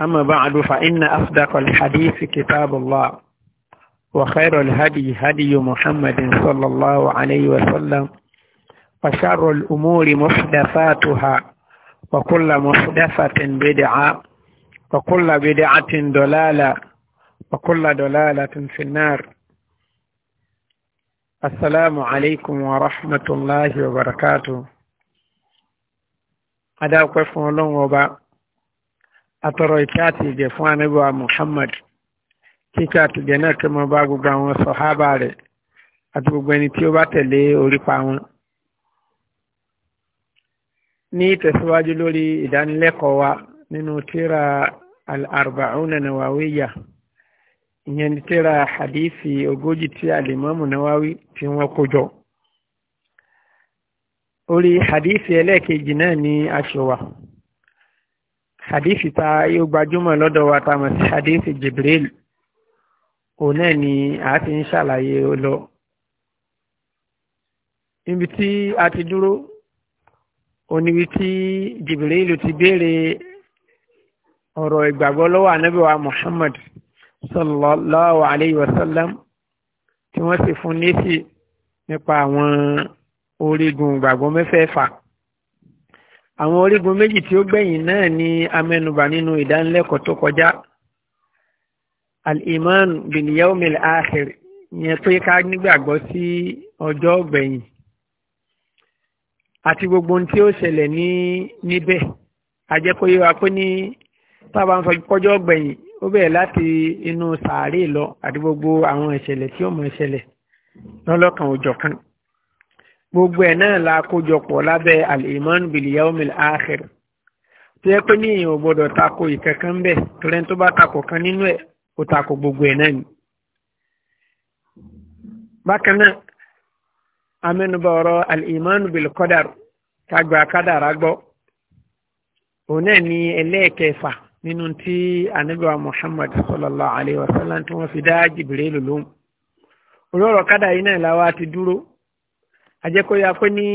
أما بعد فإن أصدق الحديث كتاب الله وخير الهدي هدي محمد صلى الله عليه وسلم وشر الأمور محدثاتها وكل محدثة بدعة وكل بدعة دلالة وكل دلالة في النار السلام عليكم ورحمة الله وبركاته هذا الله وبركاته atọ̀rọ̀ ìkẹ́ àti ìgẹ̀ fún anábíwá Muhammad kíkẹ́ àti ìgẹ̀ náà kí mo bá gbogbo àwọn sọ̀hábà rẹ̀ àti gbogbo ẹni tí ó bá tẹ̀lé orípa wọn. ní ìtẹ̀síwájú lórí ìdánilẹ́kọ̀ọ́ wa nínú tíra al-arba'una nawawiya ìyẹn ní tíra hadithi ogójì tí alimamu nawawi tí wọ́n kó jọ. hadithi ẹlẹ́ẹ̀kejì náà ni a hadithi ta yóò gbajúmọ̀ lọ́dọ̀ wa ta mọ̀ sí hadithi Jibril òun náà ni a ti ń ṣàlàyé lọ níbi tí a ti dúró òun níbi tí Jibril ti béèrè ọ̀rọ̀ ìgbàgbọ́ lọ́wọ́ ànábì wa Muhammad sallallahu alayhi wa sallam tí wọ́n sì fún nésì nípa àwọn orígun ìgbàgbọ́ mẹ́fẹ̀ẹ̀fà àwọn orígun méjì tí ó gbẹ̀yìn náà ni amẹ́nubà nínú ìdánilẹ́kọ̀ọ́ tó kọjá al-iman bil yawmil akhir yẹn pé ká nígbàgbọ́ sí ọjọ́ gbẹ̀yìn àti gbogbo ohun tí ó ṣẹlẹ̀ ní níbẹ̀ àjẹkóyè wa pé ní tábà ń fọjọ́ gbẹ̀yìn ó bẹ̀rẹ̀ láti inú sàárè lọ àti gbogbo àwọn ìṣẹ̀lẹ̀ tí ó mọ̀ ṣẹlẹ̀ lọ́lọ́kan òjọ̀kan gbogbo ẹ̀ náà la kójọpọ̀ lábẹ́ al-iman bil-yawmil akhir tó yẹ pé ní èèyàn ò gbọ́dọ̀ tako ìkankan bẹ̀ torẹ́ tó bá tako kan nínú ẹ̀ ó tako gbogbo ẹ̀ náà ni. bákan náà amẹ́nubà ọ̀rọ̀ al-iman kagbà kádàrá gbọ́ òun náà ni ẹlẹ́ẹ̀kẹfà nínú tí anabiwa Muhammad sallallahu alayhi wa sallam tí wọ́n fi dá Jibril lóhùn olórọ̀ kádà yìí náà làwa ti dúró àjẹkọ̀yà pé ní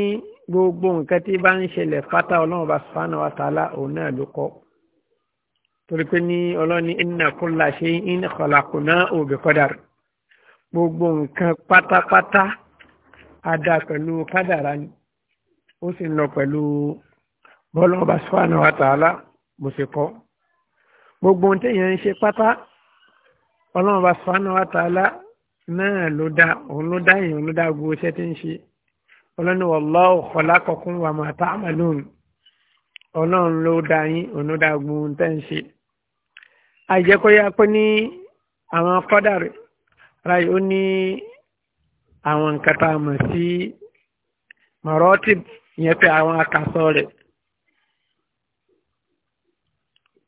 gbogbo nǹkan tí bá ń ṣẹlẹ̀ pátá ọlọ́run bá sùfánà wa tààlà òun náà ló kọ́ torí pé ní ọlọ́ni inna kulla shay'in khalaqnahu bi qadar gbogbo nǹkan pátápátá ada pẹ̀lú kádàrá ni ó sì ń lọ pẹ̀lú bọ́lọ́run bá sùfánà wa tààlà bó ṣe kọ́ gbogbo ohun téèyàn ń ṣe pátá ọlọ́run bá sùfánà wa tààlà náà ló dá òun ló dá èèyàn ló dá gbogbo iṣẹ́ tí ń ṣe ọlọ́ni wallahu khalaqakum wa ma ta'malun ọlọ́run ló dá yín onúdàgbùn tẹ́ ń ṣe. àìjẹ́kọ́yá pé ní àwọn kọ́dà rẹ̀ ráyè ó ní àwọn nǹkan tá a mọ̀ sí marotib ìyẹn pé àwọn akásọ rẹ̀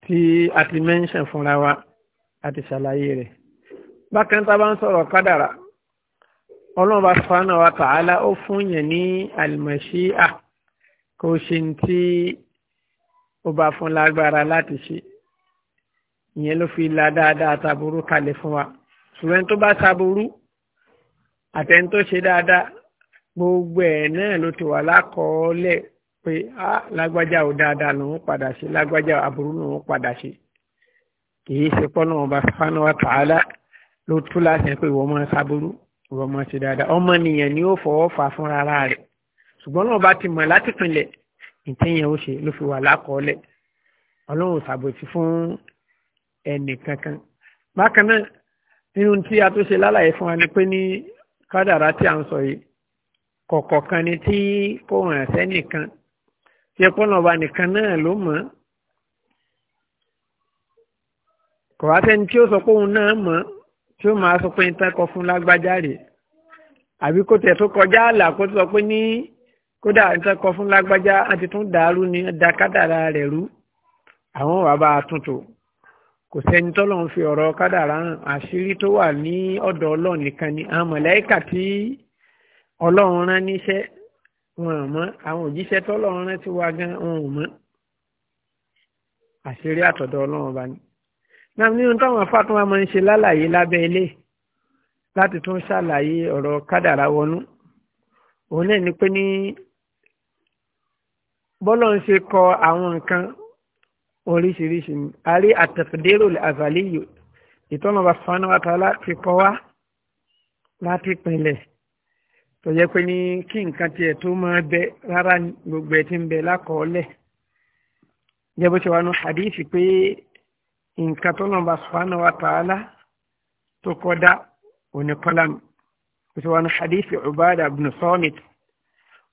tí a ti mẹ́ńṣẹ̀ fúnra wa a ti ṣàlàyé rẹ̀. bákan tá a bá ń sọ̀rọ̀ kádàrà ọlọ́run bá sọ́nà wa tààlà ó fún yẹn ní àlùmọ̀ṣíà kó ṣe ní tí ó bá fún lágbára láti ṣe ìyẹn ló fi la dáadáa taburú kalẹ̀ fún wa ṣùgbọ́n tó bá taburú àtẹni tó ṣe dáadáa gbogbo ẹ̀ náà ló ti wà lákọọ́lẹ̀ pé á lágbájá ò dáadáa lòún padà ṣe lágbájá aburú lòún padà ṣe kì í ṣe pọ́nà ọba sọ́nà wa tààlà ló tú láti ẹ̀ pé ìwọ́n máa taburú wọ́n mọ̀ sí dáadáa ọmọ nìyẹn ni ó fọwọ́ fà fúnra ara rẹ̀ ṣùgbọ́n náà bá ti mọ̀ láti pinlẹ̀ ìtẹ̀yìn ó ṣe ló fi wà lákọọ́lẹ̀ ọlọ́run ṣàbòsí fún ẹnì kankan bákan náà nínú tí a tó ṣe lálàyé fún wa ni pé ní kádàrá tí a ń sọ yìí kọ̀kọ̀ kan ni tí kò hàn sẹ́nìkan tí ẹ pọ́nà ọba nìkan náà ló mọ̀ kò wá sẹ́ni tí ó sọ pé òun náà mọ̀ tí ó máa sọ pé ń tán kọ fún lágbájá rè àbí kó tẹ̀ tó kọjá àlà kó tó sọ pé ní kódà ń tán kọ fún lágbájá á ti tún dàrú ni da kádàrá rẹ̀ rú àwọn wàá bá a tuntun kò sẹ́ni tọ́lọ́run fi ọ̀rọ̀ kádàrá hàn àṣírí tó wà ní ọ̀dọ̀ ọlọ́run nìkan ni àwọn mọ̀lẹ́kà tí ọlọ́run rán níṣẹ́ wọn ò àwọn òjíṣẹ́ tọ́lọ́run rán ti wá gan wọn ò àṣírí àtọ̀dọ̀ ọlọ́run ọba ni náà nínú táwọn afáàtún wa máa ń ṣe lálàyé lábẹ́ ilé láti tún ṣàlàyé ọ̀rọ̀ kádàrá wọnú òun náà ni pé ní bọ́lọ̀ ń ṣe kọ àwọn nǹkan oríṣiríṣi ni a rí àtẹ̀fẹ̀dérò àzàlíyò ìtọ́nà bá sọ́nà wa tààlà ti kọ wá láti pinlẹ̀ tó yẹ pé ní kí nǹkan tiẹ̀ tó máa bẹ rárá gbogbo ẹ̀ ti ń bẹ lákọọ́lẹ̀ jẹ́ bó ṣe wà nù hadith pé nǹkan tó lọ́nà bá subhanahu wa ta'ala tó kọ́dá òní kọ́lám ìṣòwòn hadithi ubada ibn samit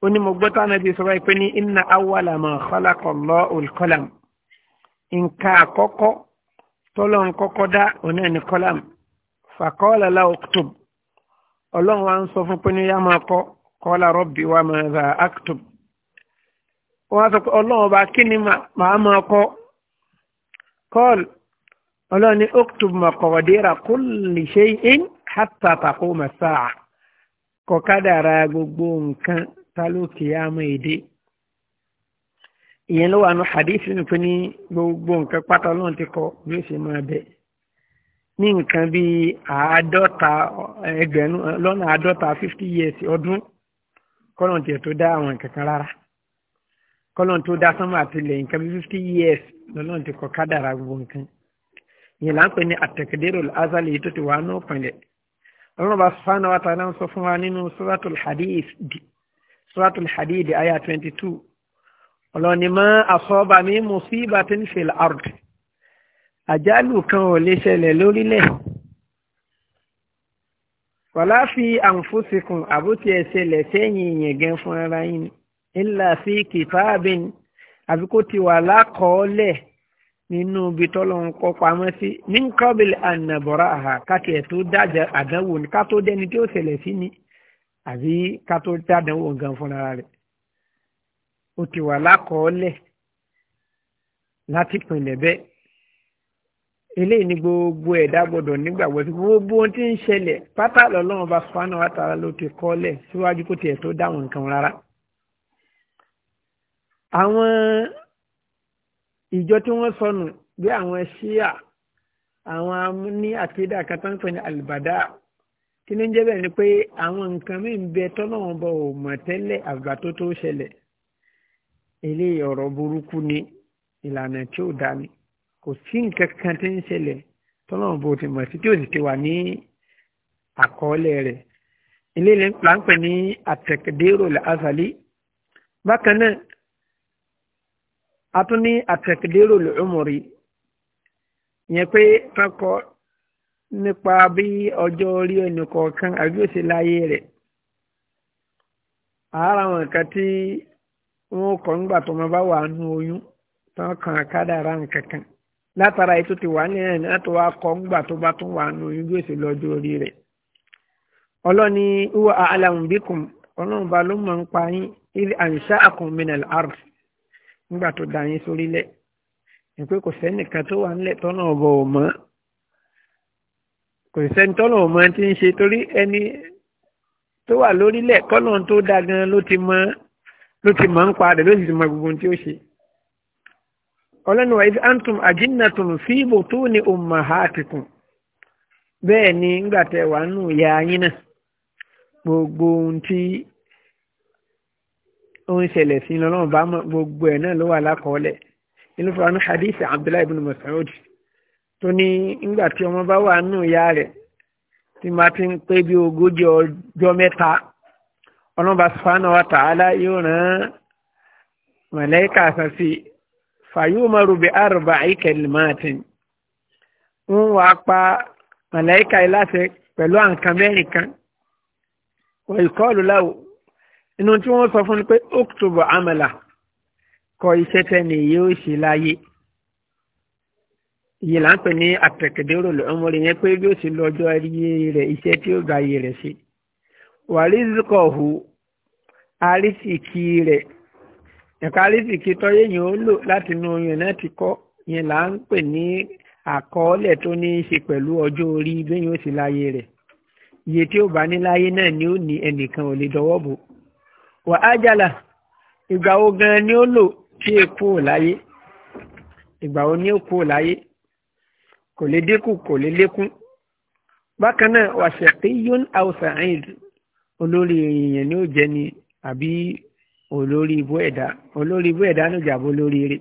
ó ní mo gbọ́ tánà bí sọ́wọ́ ìpé ní inna awwala ma khalaqa Allahu al-qalam nǹkan àkọ́kọ́ tó lọ́n kọ́kọ́ dá òní ẹni kọ́lám faqala lahu uktub ọlọ́run wa ń sọ fún pé ní yá máa kọ́ qala wa ma za aktub wọ́n á sọ pé ọlọ́run ọba kí ni màá máa kọ́ kọ́ọ̀lù ọlọ́run ní uktub maqadira kulli shay'in hatta taquma as-sa'a kọ̀kádàrà gbogbo nǹkan tálókè àmọ́ èdè ìyẹn ló wà ní hadith ní pé ní gbogbo nǹkan pátá ọlọ́run ti kọ bí ó ṣe máa bẹ̀ ní nǹkan bíi àádọ́ta ẹgbẹ̀rún lọ́nà àádọ́ta fifty years ọdún kọ́lọ́n tiẹ̀ tó dá àwọn nǹkan rárá kọ́lọ́n tó dá sánmà àtìlẹ̀ nǹkan bíi fifty years lọ́lọ́run ti kọ kádàrà gbogbo nǹkan yìí là ń pè ní àtẹ̀kẹ́dẹ́rò azali tó ti wà ní òpinlẹ̀ ọlọ́run bá sọ́fàánà wa tààlà ń sọ fún wa nínú suratul hadid suratul hadid aya twenty two ọlọ́run ni ma asaba mi musibatin fil ard àjálù kan ò lè ṣẹlẹ̀ lórílẹ̀ wàlá fi àǹfóṣekùn àbótí ẹ̀ ṣẹlẹ̀ sẹ́yìn ìyẹn gan fún ara yín ńlá sí kìtàbín àbí kó ti nínú ibi tọ́lọ́run kọ́ pamọ́ sí ní kọ́bìlì ànàbọ̀rọ̀ àhà kákẹ́ tó dájà àdánwò ní ká tó dẹni tí ó ṣẹlẹ̀ sí ni àbí ká tó dádánwò gan fúnra rẹ̀ ó ti wà lákọọ́lẹ̀ láti pinlẹ̀ bẹ́ẹ̀ eléyìí ni gbogbo ẹ̀dá gbọ́dọ̀ nígbàgbọ́ sí gbogbo ohun tí ń ṣẹlẹ̀ pátá lọ́lọ́run bá sùpánù látara ló ti kọ́lẹ̀ síwájú kó tiẹ̀ tó dáwọn nǹkan rárá. àwọn ìjọ tí wọ́n sọnù bí àwọn ṣíà àwọn ní àkídà kátánpẹ̀ ní àlùbàdà kí ni ń jẹ́ bẹ́ẹ̀ ni pé àwọn nǹkan mí ń bẹ tọ́lọ́wọ́n bọ̀ ò mọ̀ tẹ́lẹ̀ àgbà tó tó ṣẹlẹ̀ eléyìí ọ̀rọ̀ burúkú ni ìlànà tí ò dá ni kò sí nǹkan kan tí ń ṣẹlẹ̀ tọ́lọ́wọ́n bọ̀ ti mọ̀ sí tí ò sì ti wà ní àkọọ́lẹ̀ rẹ̀ eléyìí là ń ní àtẹ̀kẹ́dérò làásàlí bákan náà a tún ní àtẹ̀kẹ́dérò lùmùrí yẹn pé kankọ nípa bí ọjọ́ orí ẹnìkọ̀ọ̀kan àbí òsè láyé rẹ̀ àárọ̀ àwọn nǹkan tí wọ́n kọ́ nígbà tó máa bá wà nù oyún tán kan àkádàrá nǹkan kan látara ètò ti wà nílẹ̀ náà tó wá kọ́ nígbà tó bá tún wà nù oyún bí òsè lọ́jọ́ orí rẹ̀ ọlọ́ni wúwo àlàmùbíkùn ọlọ́run bá ló máa ń yín ilé àǹṣá àkùnmínà àrùn ngba tó dá yín sórílẹ̀ ìpé kò sẹ́nìkan tó wà nílẹ̀ tọ́nà ọ̀bọ̀ ò kò ti ń ṣe torí ẹni tó wà lórílẹ̀ tó gan ló ti mọ́ ló ti ń ti mọ gbogbo tí ó ṣe. antum ajinnatun fi butuni bẹ́ẹ̀ ni ńgbà nù ìyá yín náà gbogbo ohun tí ó ń ṣẹlẹ̀ sí iná lọ́wọ́ bá mọ̀ gbogbo ẹ̀ náà ló wà lákọọ́lẹ̀ inú fún wa ní hadith abdullahi ibn Mas'ud tó ní nígbà tí ọmọ bá wà nù ìyá rẹ̀ tí máa ti ń pé bí ogójì ọjọ́ mẹ́ta ọlọ́ba sùfàánà wa tààlà yóò rán màláíkà kan sí bí àrùbá ìkẹlìmáàtìn ń wà pa màláíkà iláṣẹ pẹ̀lú àǹkan mẹ́rin kan wọ́n ìkọlù láwùjọ inú tí wọ́n sọ fún ni pé oktoba amala kọ iṣẹ́ tẹ́ni yóò ṣe láyé iye là ń pè ní àtẹ̀kẹ̀dẹ́rò lọ́mọ rẹ̀ yẹn pé bí ó ṣe lọ ọjọ́ ayé rẹ̀ iṣẹ́ tí ó gba ayé rẹ̀ ṣe wàrísìkọ̀hù àrísìkì rẹ̀ ẹ̀ka àrísìkì tọ́yé yẹn ó lò láti inú oyún náà ti kọ́ yẹn là ń pè ní àkọọ́lẹ̀ tó ní í ṣe pẹ̀lú ọjọ́ orí bẹ́yìn ó ṣe láyé rẹ̀ iye tí ó bá ní láyé náà ni ó ní ẹnìkan ò lè dọwọ́ bò wà ájàlà ìgbà wo gan ni ó lò tí èkó láyé ìgbà wo ni ó kó láyé kò lè dínkù kò lè lékún bákan náà wà ṣaqiyyun aw sa'id olórí èèyàn ni ó jẹ ni àbí olórí ibú ẹ̀dá olórí ibú ẹ̀dá ló jà bó lórí eré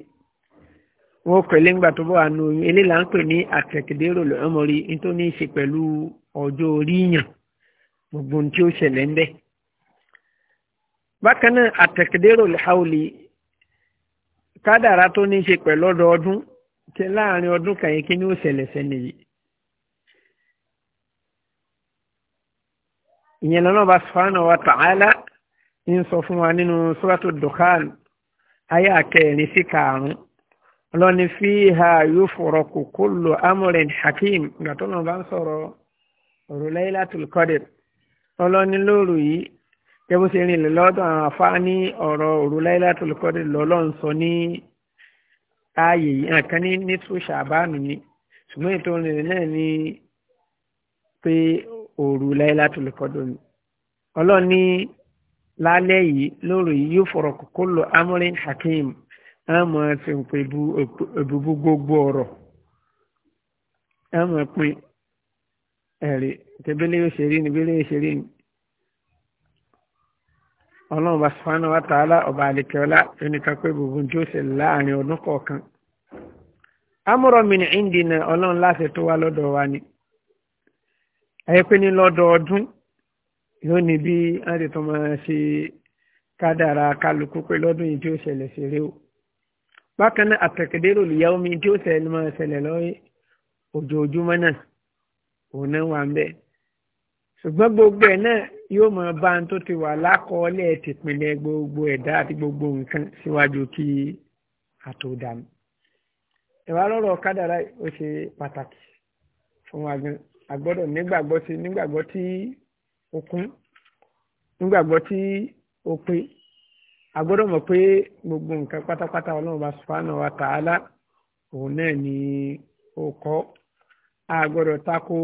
wọn pẹ̀lú ńgbà tó bá wà oyún eléyìí là ń pè ní àtẹ̀kẹ́dérò lọ́mọrí nítorí ní í ṣe pẹ̀lú ọjọ́ orí gbogbo ohun tí ó ṣẹlẹ̀ ń bẹ́ẹ̀ bákan náà àtẹ̀kẹ́dẹ́rò lẹ́hàólì kádàrá tó ní í ṣe pẹ̀lú ọdọọdún ti láàrin ọdún kan yìí kí ni ó ṣẹlẹ̀ sẹ́ni yìí. ìyẹn lọ́nà bá subhanahu wa ta'ala ń sọ fún wa nínú suratu dukhan aya kẹrin sí karùn-ún lọ́ni fiha yufraku kullu amrin hakim gbàtọ́ bá ń sọ̀rọ̀ òrùlẹ́yìlá tulqadir ọlọ́ni lóru yìí kẹ́bó ṣe rìn lọ́dọ̀ àwọn afá ní ọ̀rọ̀ òru Laylatul Qadr lọ́lọ́run sọ ní ààyè yìí nǹkan ní nítorí ṣàbánu ni ṣùgbọ́n ètò ìrìn náà ní pé òru Laylatul Qadr ni ọlọ́run ní lálẹ́ yìí lóru yìí yóò fọ̀rọ̀ kókó lọ amúrin hakim àmọ́ ti ń pè búbú gbogbo ọ̀rọ̀ àmọ́ pin ẹ̀rí tẹ́bílẹ̀ yóò ṣe rí ni bílẹ̀ yóò ṣe rí ni ọlọ́run bá sọ́nà wa tààlà ọba àlekẹ́ọ́lá ẹnìkan pé bùbùn tí ó sì láàrin ọdún kọ̀ọ̀kan amúrọ̀ mi ní ìndìnà ọlọ́run láti tó wá lọ́dọ̀ wa ni ayé pé ní lọ́dọọdún yóò ní bí wọ́n ti tún máa ṣe kádàrá kálukú pé lọ́dún yìí tí ó ṣẹlẹ̀ ṣeré o bákan náà àtẹ̀kẹ́dẹ́rò lìyá omi tí ó ṣẹlẹ̀ máa ṣẹlẹ̀ lọ́yẹ́ ojoojúmọ́ náà òun náà wà ń bẹ́ẹ̀ ṣùgbọ́n gbogbo ẹ̀ náà yóò mọ bá ń tó ti wà lákọọ́lẹ̀ tìpínlẹ̀ gbogbo ẹ̀dá àti gbogbo nǹkan síwájú kí àtòdàmú ìwà lọ́rọ̀ kádàrá ó ṣe pàtàkì fún wa gan àgbọ́dọ̀ nígbàgbọ́ sí nígbàgbọ́ tí ó kún nígbàgbọ́ tí ó pé àgbọ́dọ̀ mọ̀ pé gbogbo nǹkan pátápátá ọlọ́run bá subhanahu wa ta'ala òun náà ni ó kọ́ àgbọ́dọ̀ tako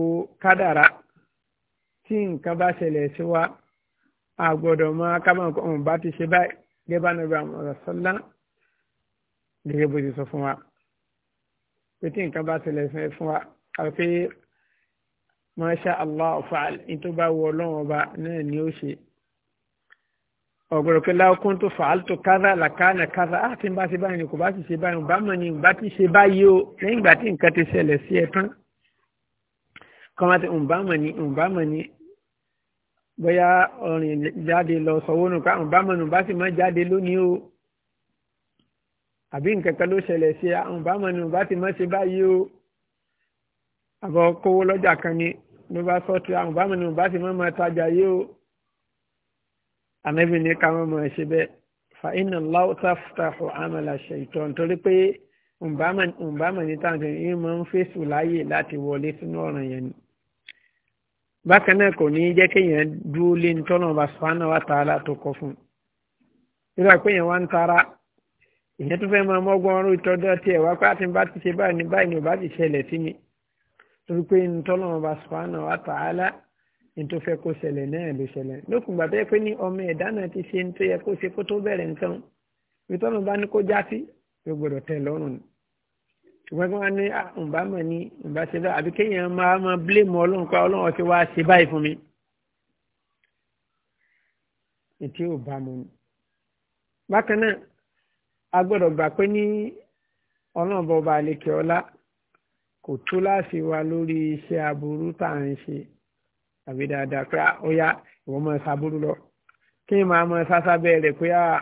kádàrá tí nǹkan bá ṣẹlẹ̀ sí wa a gbọ́dọ̀ máa ká máa kọ́ ọ̀hún bá ti ṣe báyìí gẹ́gẹ́ bá nàbẹ̀ àwọn ọ̀rọ̀ sọ́lá gẹ́gẹ́ bó ti sọ fún wa pé tí nǹkan bá ṣẹlẹ̀ fún wa àwọn masha allah fa'al nítorí bá wọ ọlọ́run ọba náà ni ó ṣe ọ̀gbọ̀rọ̀ pé lákún tó fa'al tó kára làkánà kára á ah, ti ń bá ṣe báyìí ni kò bá ti ṣe báyìí bá mọ̀ ni bá ti ṣe báyìí o lẹ́yìn ìgbà tí nǹkan ti ṣẹlẹ̀ sí ẹ tán kọ́mọ́tì ń bá mọ̀ ni ń bá mọ̀ ni bóyá ọ̀rìn jáde lọ sọ̀wọ́ nù káwọn bámọ̀nù bá sì má jáde lónìí o àbí nǹkan kan ló ṣẹlẹ̀ sí àwọn bámọ̀nù bá sì má ṣe báyìí o àbọ̀ kówó lọ́jà kan ni ló bá sọ́ọ̀tì àwọn bámọ̀nù bá sì má máa tajà yìí o ànábì ní káwọn máa ṣe bẹ́ẹ̀ fa iná láwùtà fútàfù àmàlà ṣètò nítorí pé ǹbámọ̀nì táwọn yìí máa ń fèsù láàyè láti wọlé sínú ọ̀ràn yẹn ni bákan náà kò ní jẹ́ kéèyàn dúró lé ní tọ́nà ọba sùpánà wà tààlà tó kọ fún un nígbà pé èèyàn wá ń tara èèyàn tó fẹ́ máa mọ́gbọ́n ọrùn ìtọ́jọ́ tiẹ̀ wá pé àti bá ti ṣe báyìí ní báyìí ní ò bá ti ṣẹlẹ̀ sí mi torí pé ní ọba sùpánà wà tààlà tó fẹ́ kó ṣẹlẹ̀ náà ló ṣẹlẹ̀ lókùn gbà bẹ́ẹ̀ pé ní ọmọ ẹ̀dá náà ti ṣe tó yẹ kó ṣe kó tó bẹ̀rẹ̀ nǹkan ìtọ́nà bá ní kó já sí gbogbo ọ̀tẹ̀ lọ́rùn ni ṣùgbọ́n kí wọ́n ní ǹbá ah, mọ̀ ní ǹbá àbí kéèyàn máa máa bílèmù ọlọ́run pa ọlọ́run ọtí wá ṣe báyìí fún mi. ètí ò bá mu ni. bákan náà a gbọ́dọ̀ gbà pé ní ọlọ́run bọba àlekè ọlá kò tó láti wá lórí iṣẹ́ aburú tá à ń ṣe àbí dáadáa pé ah, ó yá ìwọ́n máa ṣàbúrú lọ kí n máa máa sásábẹ́ rẹ̀ pé á. Ah,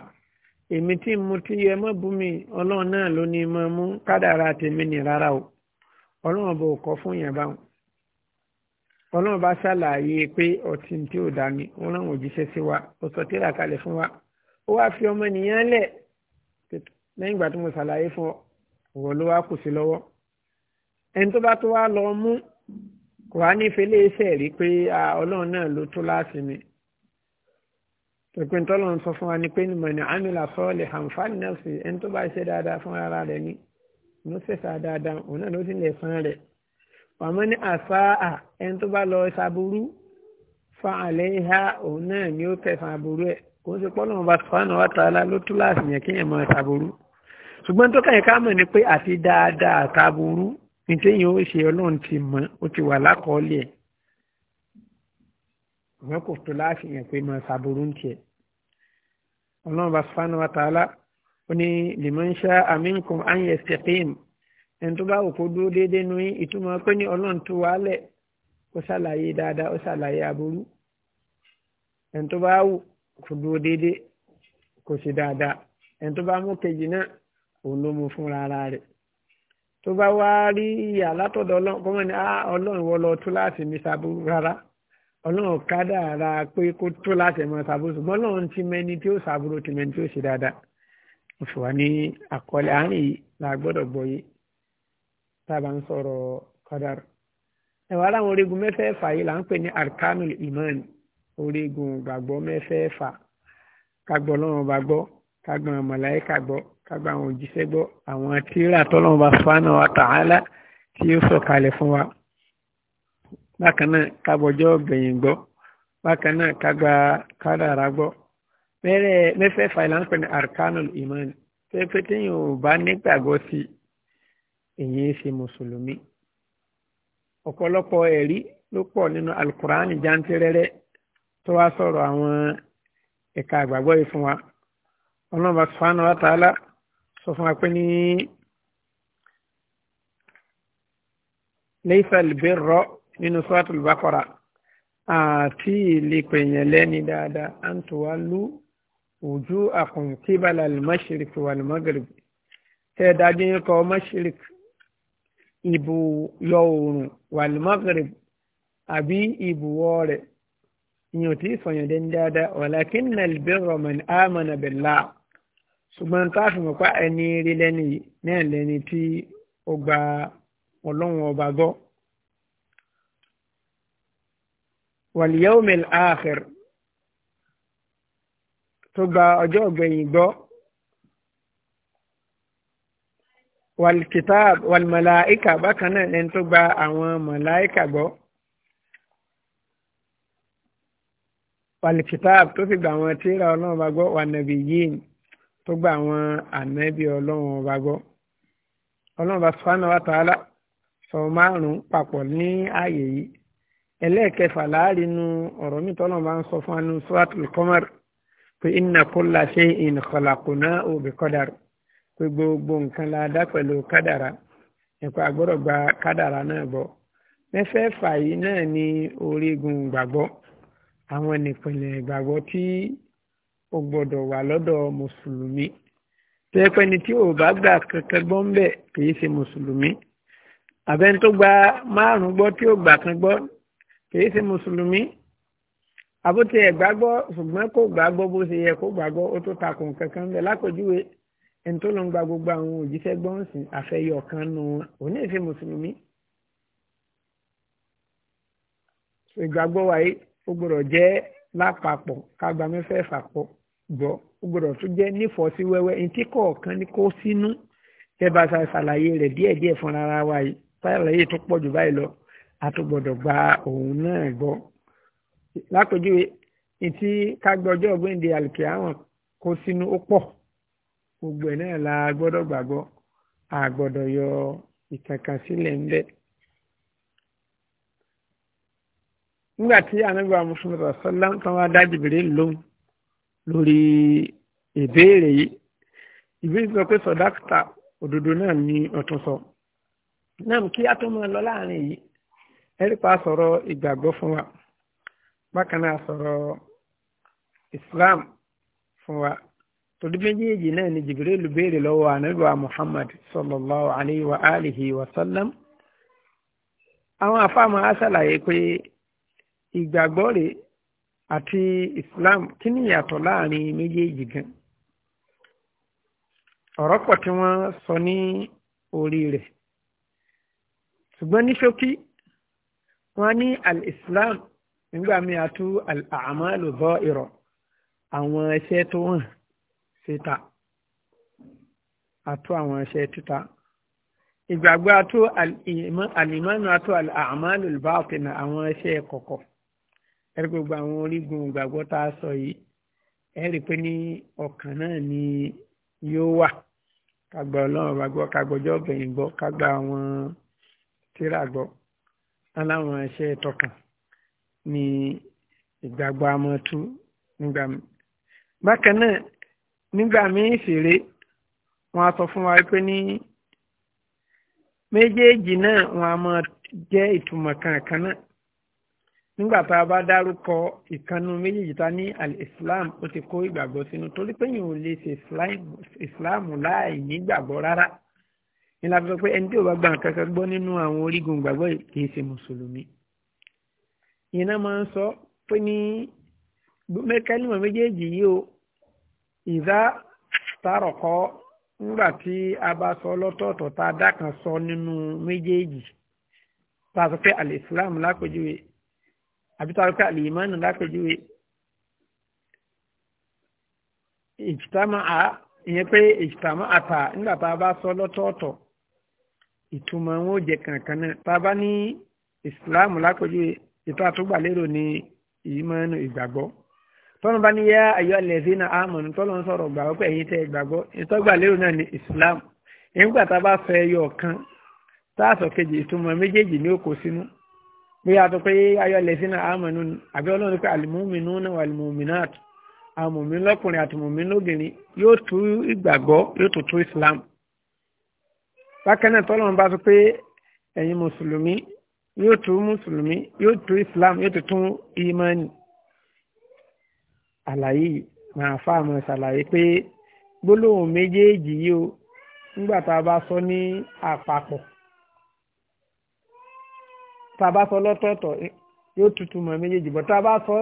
èmi tí mo ti yẹ mọ́ bùnmi ọlọ́run náà ló ní mọ́ mú kádàrá tèmi ní rárá o ọlọ́run bò kọ́ fún yẹn báwọn ọlọ́run bá ṣàlàyé pé ọtí tí ò dání wọn láwọn òjíṣẹ́ sí wa ó sọ tírà kalẹ̀ fún wa ó wáá fi ọmọ nìyẹn lẹ̀ lẹ́yìn ìgbà tí mo ṣàlàyé fún ọ ọ̀rọ̀ ló wá kù sí lọ́wọ́ ẹni tó bá tó wá lọ mú kò wá ní rí pé ọlọ́run náà ló tó láàsì mi pẹ̀pẹ́ tọ́lọ̀ ń sọ fún wa ní pé ní mọ̀nà amílà sọ́ọ̀lẹ̀ àǹfààní náà sí ẹni tó bá ṣe dáadáa fún ara rẹ̀ ní ló ṣèṣà dáadáa òun náà ló sì lè san rẹ̀ wàmọ́ ní àṣà ẹni tó bá lọ ṣàbúrú fa àlẹ́ ìhá òun náà ni ó tẹ̀sán àbúrú ẹ̀ kò ń ṣe pọ́lọ́ wọn bá sọ́ọ̀nà wà tààlà ló tú láàsì yẹn kí yẹn máa ṣàbúrú ṣùgbọ́n tó ká mọ̀ ni pé àti dáadáa kò tó láàfin yẹn pé máa ṣàbúrú ń tiẹ̀ ọlọ́run bá subhanahu wa ta'ala ó ní liman sha'a minkum an yastaqim ẹni tó bá wò kó dúró déédéé nu yín ìtumọ̀ pé ní ọlọ́run tó wà lẹ̀ ó ṣàlàyé dáadáa ó ṣàlàyé aburú ẹni tó bá wò kó dúró déédéé kò sí dáadáa ẹni tó bá mú kejì náà òun ló mú fúnra ara rẹ̀ tó bá wá rí ìyà látọ̀dọ̀ ọlọ́run kọ́mọ́ ah, ọlọ́run wọ lọ tú láti mi ṣàbúrú rárá ọlọ́run kádà ara pé kó tó láti ẹ̀mọ́ ṣàbúrò ṣùgbọ́n ọlọ́run ti mẹ́ni tí ó ṣàbúrò ti mẹ́ni tí ó ṣe dáadáa mo fi wà ní àkọọ́lẹ̀ àárín yìí la gbọ́dọ̀ gbọ́ yé tá a bá ń sọ̀rọ̀ kádàrá ẹ̀wà aláwọn orígun mẹ́fẹ̀ẹ̀fà yìí là ń pè ní arkanul iman orígun gbàgbọ́ mẹ́fẹ̀ẹ̀fà kagbọ́ ọlọ́run ọba gbọ́ kagbọ́ àwọn màláíkà gbọ́ kagbọ́ àwọn òjíṣẹ́ gbọ́ àwọn tíra tọ́lọ́run bá fánà wa ta'ala tí ó sọ̀kalẹ̀ fún wa bákan náà kábọjọ́ gbẹ̀yìn gbọ́ bákan náà kágbá kádàrá gbọ́ mẹ́rẹ̀ mẹ́fẹ̀ẹ̀fà ìlànà pẹ̀lú arkanul iman pẹ́pẹ́ téèyàn ò bá nígbàgbọ́ sí èyí ṣe mùsùlùmí ọ̀pọ̀lọpọ̀ ẹ̀rí ló pọ̀ nínú alukur'an jantirẹrẹ tó wá sọ̀rọ̀ àwọn ẹ̀ka àgbàgbọ́ yìí fún wa ọlọ́mọba sùfàánù àtàlà sọ fún wa pé ní leifel birro nínú suratul Baqara àti ìlépè yẹn lẹ́ni dáadáa an tuwallu wujuhakum qibala al-mashriq wal-maghrib tẹ́ dájú yín kọ́ mashriq ìbù yọ oòrùn wal-maghrib àbí ìbùwọ̀ rẹ̀ ìyẹn ò tí ì sọ̀yàn dẹ́ni dáadáa walakinna al-birra man amana billah ṣùgbọ́n tá a fi mọ̀ pé ẹni rí lẹ́ni náà lẹ́ni tí ó gba ọlọ́run ọba gbọ́. wàlíyàwómìl ààkìr tó gba ọjọ́ ọ̀gbẹ̀yìn gbọ́ wàlkìtàb wàlmàláìkà bákan náà ẹni tó gba àwọn màláìkà gbọ́ wàlkìtàb tó fi gba àwọn tíra ọlọ́run bá gbọ́ wànàbí yìí tó gba àwọn ànábì ọlọ́run bá gbọ́ ọlọ́run bá sọ́nà wàtàlá sọ márùn-ún papọ̀ ní ààyè yìí ẹlẹ́ẹ̀kẹfà láàrínú ọ̀rọ̀ mi tọ́lọ́ bá ń sọ fún anú suratul Qamar pé inna kulla shay'in khalaqnahu bi qadar pé gbogbo nǹkan la dá pẹ̀lú kádàrà ẹ̀kọ́ àgbọ́dọ̀ gba kádàrà náà bọ̀ mẹ́fẹ̀ẹ̀fà yìí náà ni orígun gbàgbọ́ àwọn ìpìlẹ̀ ìgbàgbọ́ tí ó gbọ́dọ̀ wà lọ́dọ̀ mùsùlùmí tẹ́pẹ́ tí ò bá gbà kankan gbọ́ ń bẹ̀ kì èyí ṣe mùsùlùmí àbótí ẹ̀ gbàgbọ́ ṣùgbọ́n kò gbàgbọ́ bó ṣe yẹ kó gbàgbọ́ ó tó takò nǹkan kan bẹ̀ lákòjúwe ẹni tó ló ń gba gbogbo àwọn òjíṣẹ́ gbọ́nsìn àfẹyọ̀ kan nù wọn òun ní ìṣe mùsùlùmí. ìgbàgbọ́ wáyé ó gbọ́dọ̀ jẹ́ lápapọ̀ kágbá mẹ́fẹ̀ẹ̀fà pọ̀ gbọ́ ó gbọ́dọ̀ tún jẹ́ nífọ̀ọ́sí wẹ́wẹ́ ntí kọ̀ọ̀kan ní kó sínú ẹ bá ṣàlàyé rẹ̀ díẹ̀díẹ̀ fúnra wa yìí ṣàlàyé tó pọ̀ jù báyìí lọ a tó gbọ́dọ̀ gba òun náà gbọ́ lápèjúwe ìtí kágbọ́jọ́ ọ̀gbìndé àlùkè àwọn kó sínú ó pọ̀ gbogbo ẹ̀ náà la gbọ́dọ̀ gbàgbọ́ a gbọ́dọ̀ yọ ìkankan sílẹ̀ ńbẹ́. nígbà tí anábíwá mùsùlùmí sọlá tán wá dá jìbìrì lóhùn lórí ìbéèrè yìí ìbéèrè sọ pé sọdáàkítà òdodo náà ni ọtún sọ náà kí á tó máa lọ láàrin yìí ẹ̀rípa sọ̀rọ̀ ìgbàgbọ́ fún wa bákan náà sọ̀rọ̀ Islam fún wa torí méjèèjì náà ni Jibrilu béèrè lọ́wọ́ ànábìwá Muhammad sallallahu alayhi wa alihi wa sallam àwọn afáàmù á ṣàlàyé pé ìgbàgbọ́ rèé àti Islam kí ni ìyàtọ̀ láàrin méjèèjì gan ọ̀rọ̀ pọ̀ tí wọ́n sọ ní orí rẹ̀ ṣùgbọ́n ní ṣókí wọ́n ní al-islam nígbà míì àtú al-a'malu zahira àwọn iṣẹ́ tó hàn síta àtú àwọn iṣẹ́ títa ìgbàgbọ́ àtú al-imanu àtú al-a'malu al-batina àwọn iṣẹ́ kọ̀kọ̀ ẹ̀rí gbogbo àwọn orígun ìgbàgbọ́ tá a sọ yìí ẹ̀rí pé ní ọkàn náà ni yóò wà ká ọlọ́run bá gbọ́ bẹ̀yìn gbọ́ ká àwọn tíra gbọ́ aláwọn iṣẹ́ tọkàn ni ìgbàgbọ́ amọ̀tú nígbà mi. bákan náà nígbà míì fèrè wọn a sọ fún wa pé ní méjèèjì náà wọn a máa jẹ́ ìtumọ̀ kankan náà nígbà tá a bá dárúkọ ìkànnù méjèèjì ta ní al-islam ó ti kó ìgbàgbọ́ sínú torí pé yìí ò lè ṣe islam láì nígbàgbọ́ rárá ní láti sọ pé ẹni tí ò bá gba nǹkan kan gbọ́ nínú àwọn orígun ìgbàgbọ́ kì í ṣe mùsùlùmí ìyẹn náà máa ń sọ pé ní mẹ́kálímọ̀ méjèèjì yìí o ìdá tààrọ̀kọ́ nígbà tí a bá sọ lọ́tọ̀ọ̀tọ̀ tá a dá kan sọ nínú méjèèjì tá a sọ pé àlìsílám lápèjúwe àbí tá a sọ pé àlìmánù lápèjúwe ìjìtámà á ìyẹn pé ìjìtámà àtà nígbà tá a bá sọ lọ́tọ̀ọ̀tọ̀ ìtumọ̀ wọn ò jẹ kankan náà tá a bá ní ìsìláàmù lápẹjù ètò àtúgbàlérò ní ìmọ̀ọ́nù ìgbàgbọ́ tọ́nà bá ní yá ayọ́ alẹ́sìn náà àmọ̀nù tọ́lọ́ ń sọ̀rọ̀ gbàgbọ́ pé ẹ̀yin tẹ́ gbàgbọ́ ìtọ́gbàlérò náà ni ìsìláàmù nígbà tá a bá fẹ́ yọ ọ̀kan tá a sọ kejì ìtumọ̀ méjèèjì ní òkò sínú bí a tó pé ayọ́ náà bákan náà tọ́lọ́run bá sọ pé ẹ̀yin mùsùlùmí yóò tún mùsùlùmí yóò tún islam yóò tún tún ìmánì àlàyé màá fà mọ́ ṣàlàyé pé gbólóhùn méjèèjì yìí o nígbà tá a bá sọ ní àpapọ̀ tá a bá sọ lọ́tọ̀ọ̀tọ̀ yóò tutù mọ́ méjèèjì bọ́ tá a bá sọ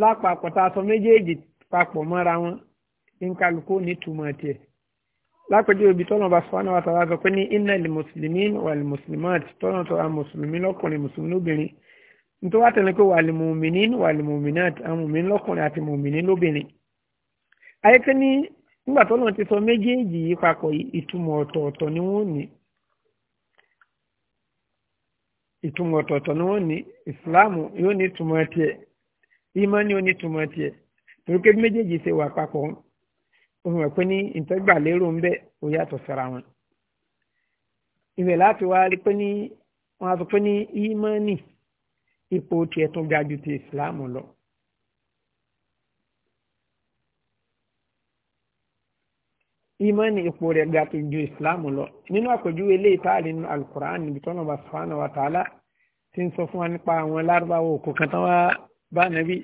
lápapọ̀ tá a sọ méjèèjì papọ̀ mọ́ra wọn ní kálukú ní túmọ̀ tiẹ̀ lápẹjọ ibi tọ́nà bá sọ wánà wàtàlá sọ pé ní iná ilẹ̀ mùsùlùmí wà lè mùsùlùmí àti tọ́nà tó a mùsùlùmí lọ́kùnrin mùsùlùmí lóbìnrin nítorí wà tẹ̀lé pé wà lè mùmìnì wà lè mùmìnì àti mùmìnì lọ́kùnrin àti mùmìnì lóbìnrin. ayé pé ní nígbà tọ́nà ti sọ méjèèjì yìí papọ̀ ìtumọ̀ ọ̀tọ̀ọ̀tọ̀ ni wọ́n ní ìtumọ̀ ọ̀tọ̀ọ̀tọ̀ ni wọ́n ní ìsìláàmù yóò ní ìtumọ̀ ohun ẹ̀pẹ́ ní ìtẹ́gbà lérò ń bẹ́ ó yàtọ̀ síra wọn. ibẹ̀ láti wá rí pé ní wọ́n á sọ pé ní ímánì ipò tiẹ̀ tún ga ju ti ìsìláàmù lọ. ìmánì ipò rẹ̀ ga ti ju ìsìláàmù lọ nínú àpèjúwe ilé ìtaàrí nínú alukur'an níbi tí wọn bá sọ fún wa ta'ala ti ń sọ fún wa nípa àwọn lárúbáwò kò kàn tán wá bá nàbí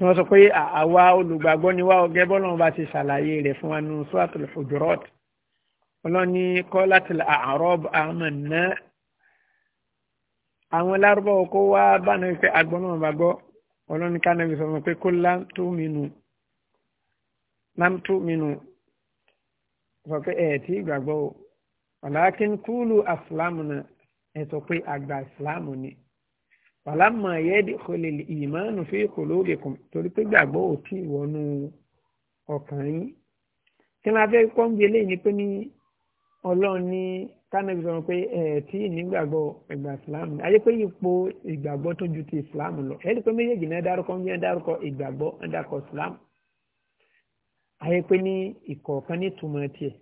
tí wọ́n sọ pé àwa olùgbàgbọ́ ni wá ọgẹ́ bọ́lọ́run bá ti ṣàlàyé rẹ̀ fún wa nínú suratul hujurat ọlọ́ni qalatil a'rab amanna àwọn lárúbọ̀ kó wá bánà pé agbọ́nà bá gbọ́ ọlọ́ni kánàbí sọ pé kul lam tu'minu lam tu'minu sọ pé ẹ̀ tí ìgbàgbọ́ walakin kúlù àfúlámù náà ẹ̀ sọ pé àgbà ìsìlámù ni fàlámà yẹ́dì kọlẹ̀ ìmánu fi kò lórí kan torí pé gbàgbọ́ ò tí ì wọnú ọkàn yín kí ni a fẹ́ kọ́ ń bi eléyìí ni pé ní ọlọ́run ní kánẹ́bí sọ pé ẹ̀ tí nígbàgbọ́ ìgbà ìsìlámù ayé pé ipò ìgbàgbọ́ tó ju ti ìsìlámù lọ ẹ̀ ẹ́ pé méjèèjì náà dárúkọ ń yẹn dárúkọ ìgbàgbọ́ ń dárúkọ ìsìlámù ayé pé ní ìkọ̀ọ̀kan ní túmọ̀ tiẹ̀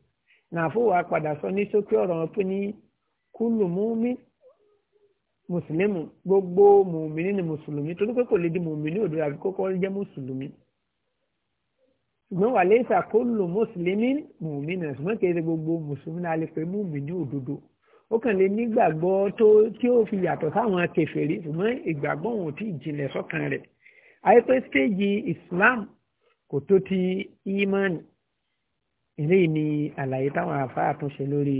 nàfọwọ́ padà sọ ní sókè ọ̀rọ̀ pé ní kúlùmú mi mùsùlùmí gbogbo mùmìnì ni mùsùlùmí torí pé kò lè di mùmìnì òdo àbí kókó jẹ́ mùsùlùmí ṣùgbọ́n wà lẹ́sà kó lò mùsùlùmí mùmìnì ṣùgbọ́n kì í ṣe gbogbo mùsùlùmí náà lè pè mùmìnì òdodo ó kàn lè nígbàgbọ́ tí ó fi yàtọ̀ sáwọn kèfèrí ṣùgbọ́n ìgbàgbọ́ wọn ò tí sọ́kàn rẹ̀ àìpé stéèjì Islam kò tó ti ìmánì eléyìí ni àlàyé táwọn àfáà tún ṣe lórí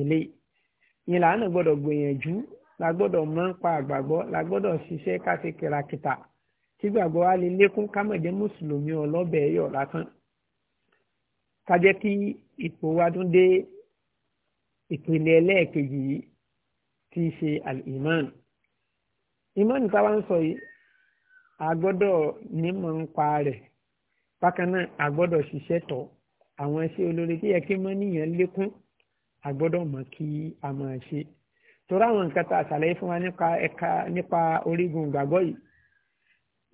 eléyìí ìlànà gbọ́dọ̀ gbìyànjú la gbọ́dọ̀ mọ̀ ń pa àgbàgbọ́ la gbọ́dọ̀ ṣiṣẹ́ ká ṣe kìràkìtà kí gbàgbọ́ wa lè lékún ká má jẹ́ mùsùlùmí ọlọ́bẹ̀ ẹ̀yọ̀ lásán ká jẹ́ kí ipò wa tún dé ìpìlẹ̀ ẹlẹ́ẹ̀kejì yìí tí í ṣe al-iman iman táwa ń sọ yìí a gbọ́dọ̀ nímọ̀ ń pa rẹ̀ bákan náà a gbọ́dọ̀ ṣiṣẹ́ tọ̀ àwọn iṣẹ́ olóore tí yẹ kí mọ́ níyàn lékún a gbọ́dọ̀ mọ̀ kí a máa ṣe torí àwọn nǹkan tá a ṣàlàyé fún wa nípa ẹ̀ka nípa orígun ìgbàgbọ́ yìí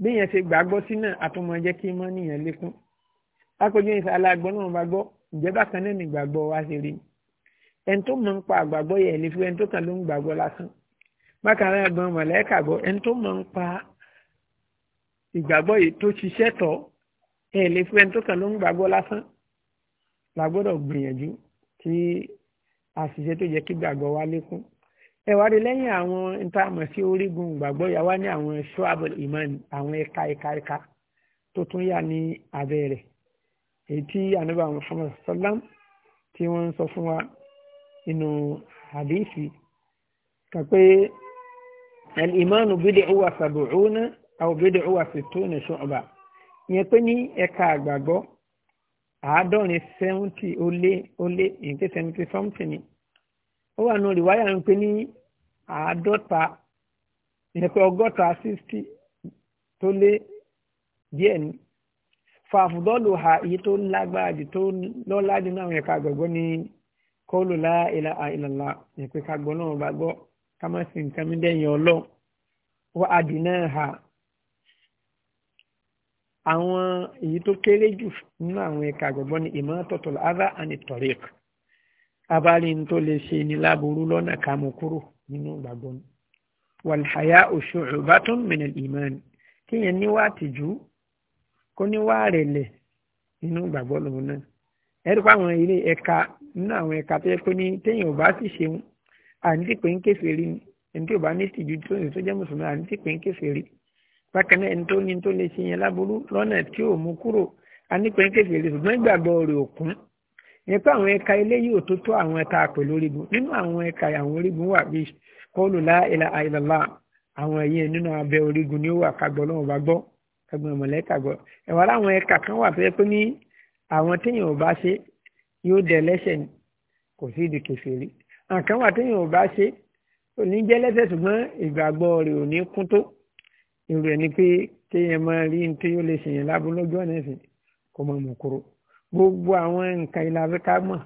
bí yẹn ṣe gbàgbọ́ sí náà àtúmọ̀ jẹ́ kí mọ́ nìyẹn lékún lápẹjọ ìfẹ́ alágbọ́n náà bá gbọ́ ǹjẹ́ bákan náà ní ìgbàgbọ́ wa ṣe rí ẹni tó mọ̀ ń pa àgbàgbọ́ yẹn lè fi ẹni tó kàn ló ń gbàgbọ́ lásán bákan náà gbọ́n mọ̀lẹ́kà gbọ́ ẹni tó mọ̀ ń pa ìgbàgbọ́ yìí tó ṣiṣẹ́ tọ̀ ẹ̀ ẹni tó kàn ló ń gbàgbọ́ lásán ẹ̀wárí lẹ́yìn àwọn ìtààmọ̀ sí orígun ìgbàgbọ́ yàwá ní àwọn ṣọ́àbọ̀ ìmánì àwọn ẹ̀ka ẹ̀ka ẹ̀ka tó tún yà ní abẹ́ rẹ̀ èyí tí ànábà Muhammad sallam tí wọ́n ń sọ fún wa nínú hadithi kan pé al-imanu bid'u wa sab'una aw bid'u wa sittuna shu'ba ìyẹn pé ní ẹ̀ka àgbàgbọ́ àádọ́rin seventy ó lé ó lé ìyẹn pé seventy something ó wà nù rìwáyà ń pè ní àádọ́ta ìyẹn pé ọgọ́ta sixty tó lé díẹ̀ ní fàfùdọ́lù ha èyí tó lágbára jù tó lọ́lá jù náà yẹn ká gbàgbọ́ ní kọ́ọ̀lù láà ilaha illallah yẹn pé náà bá gbọ́ ká má sì nǹkan mi dẹ́yìn ọlọ́run wá àdínà ha àwọn èyí tó kéré jù nínú àwọn ẹ̀ka àgbọ̀gbọ́ ni ìmọ̀ tọ̀tọ̀ lára àni tọ̀rík abárí tó lè ṣe ní láburú lọ́nà ká kúrò nínú ìgbàgbọ́ ni. wàlhàyà shu'batun min al-iman kéèyàn níwá tìjú kó níwá rẹ̀lẹ̀ nínú ìgbàgbọ́ lòun náà ẹ̀rí pa àwọn ilé ẹ̀ka nínú àwọn ẹ̀ka tó yẹ pé ní téèyàn ò bá sì ṣeun àǹtí pé ń kèfèrí ni ẹni tí ò bá ní tìjú tó jẹ́ mùsùlùmí àǹtí pé ń kèfèrí bákan náà ẹni tó ní tó lè ṣe yẹn láburú lọ́nà tí ò mú kúrò a pé ń kèfèrí ṣùgbọ́n ìgbàgbọ́ rẹ̀ òkun ní pé àwọn ẹ̀ka eléyìí ò tó tó àwọn ẹ̀ta pè lórígun nínú àwọn ẹ̀ka àwọn orígun wà bíi kọ́ọ̀lù láìla àìlàlá àwọn ẹ̀yìn nínú abẹ́ orígun ni ó wà kagbọ́ lọ́wọ́ bá gbọ́ kagbọ́n mọ̀lẹ́ka gbọ́ ẹ̀wọ̀n láwọn ẹ̀ka kan wà tó pé ní àwọn téèyàn ò bá ṣe yóò dẹ̀ lẹ́sẹ̀ ni kò sí ìdí kèfèrí àwọn kan wà téèyàn ò bá ṣe ò ní jẹ́ lẹ́sẹ̀ ṣùgbọ́n ìgbàgbọ́ rẹ̀ ò ní kún tó èrò ẹ̀ ni pé téèyàn máa rí ní tí yóò lè ṣèyàn lábúlọ́jọ́ gbogbo àwọn nǹkan ilẹ̀ afirika mọ̀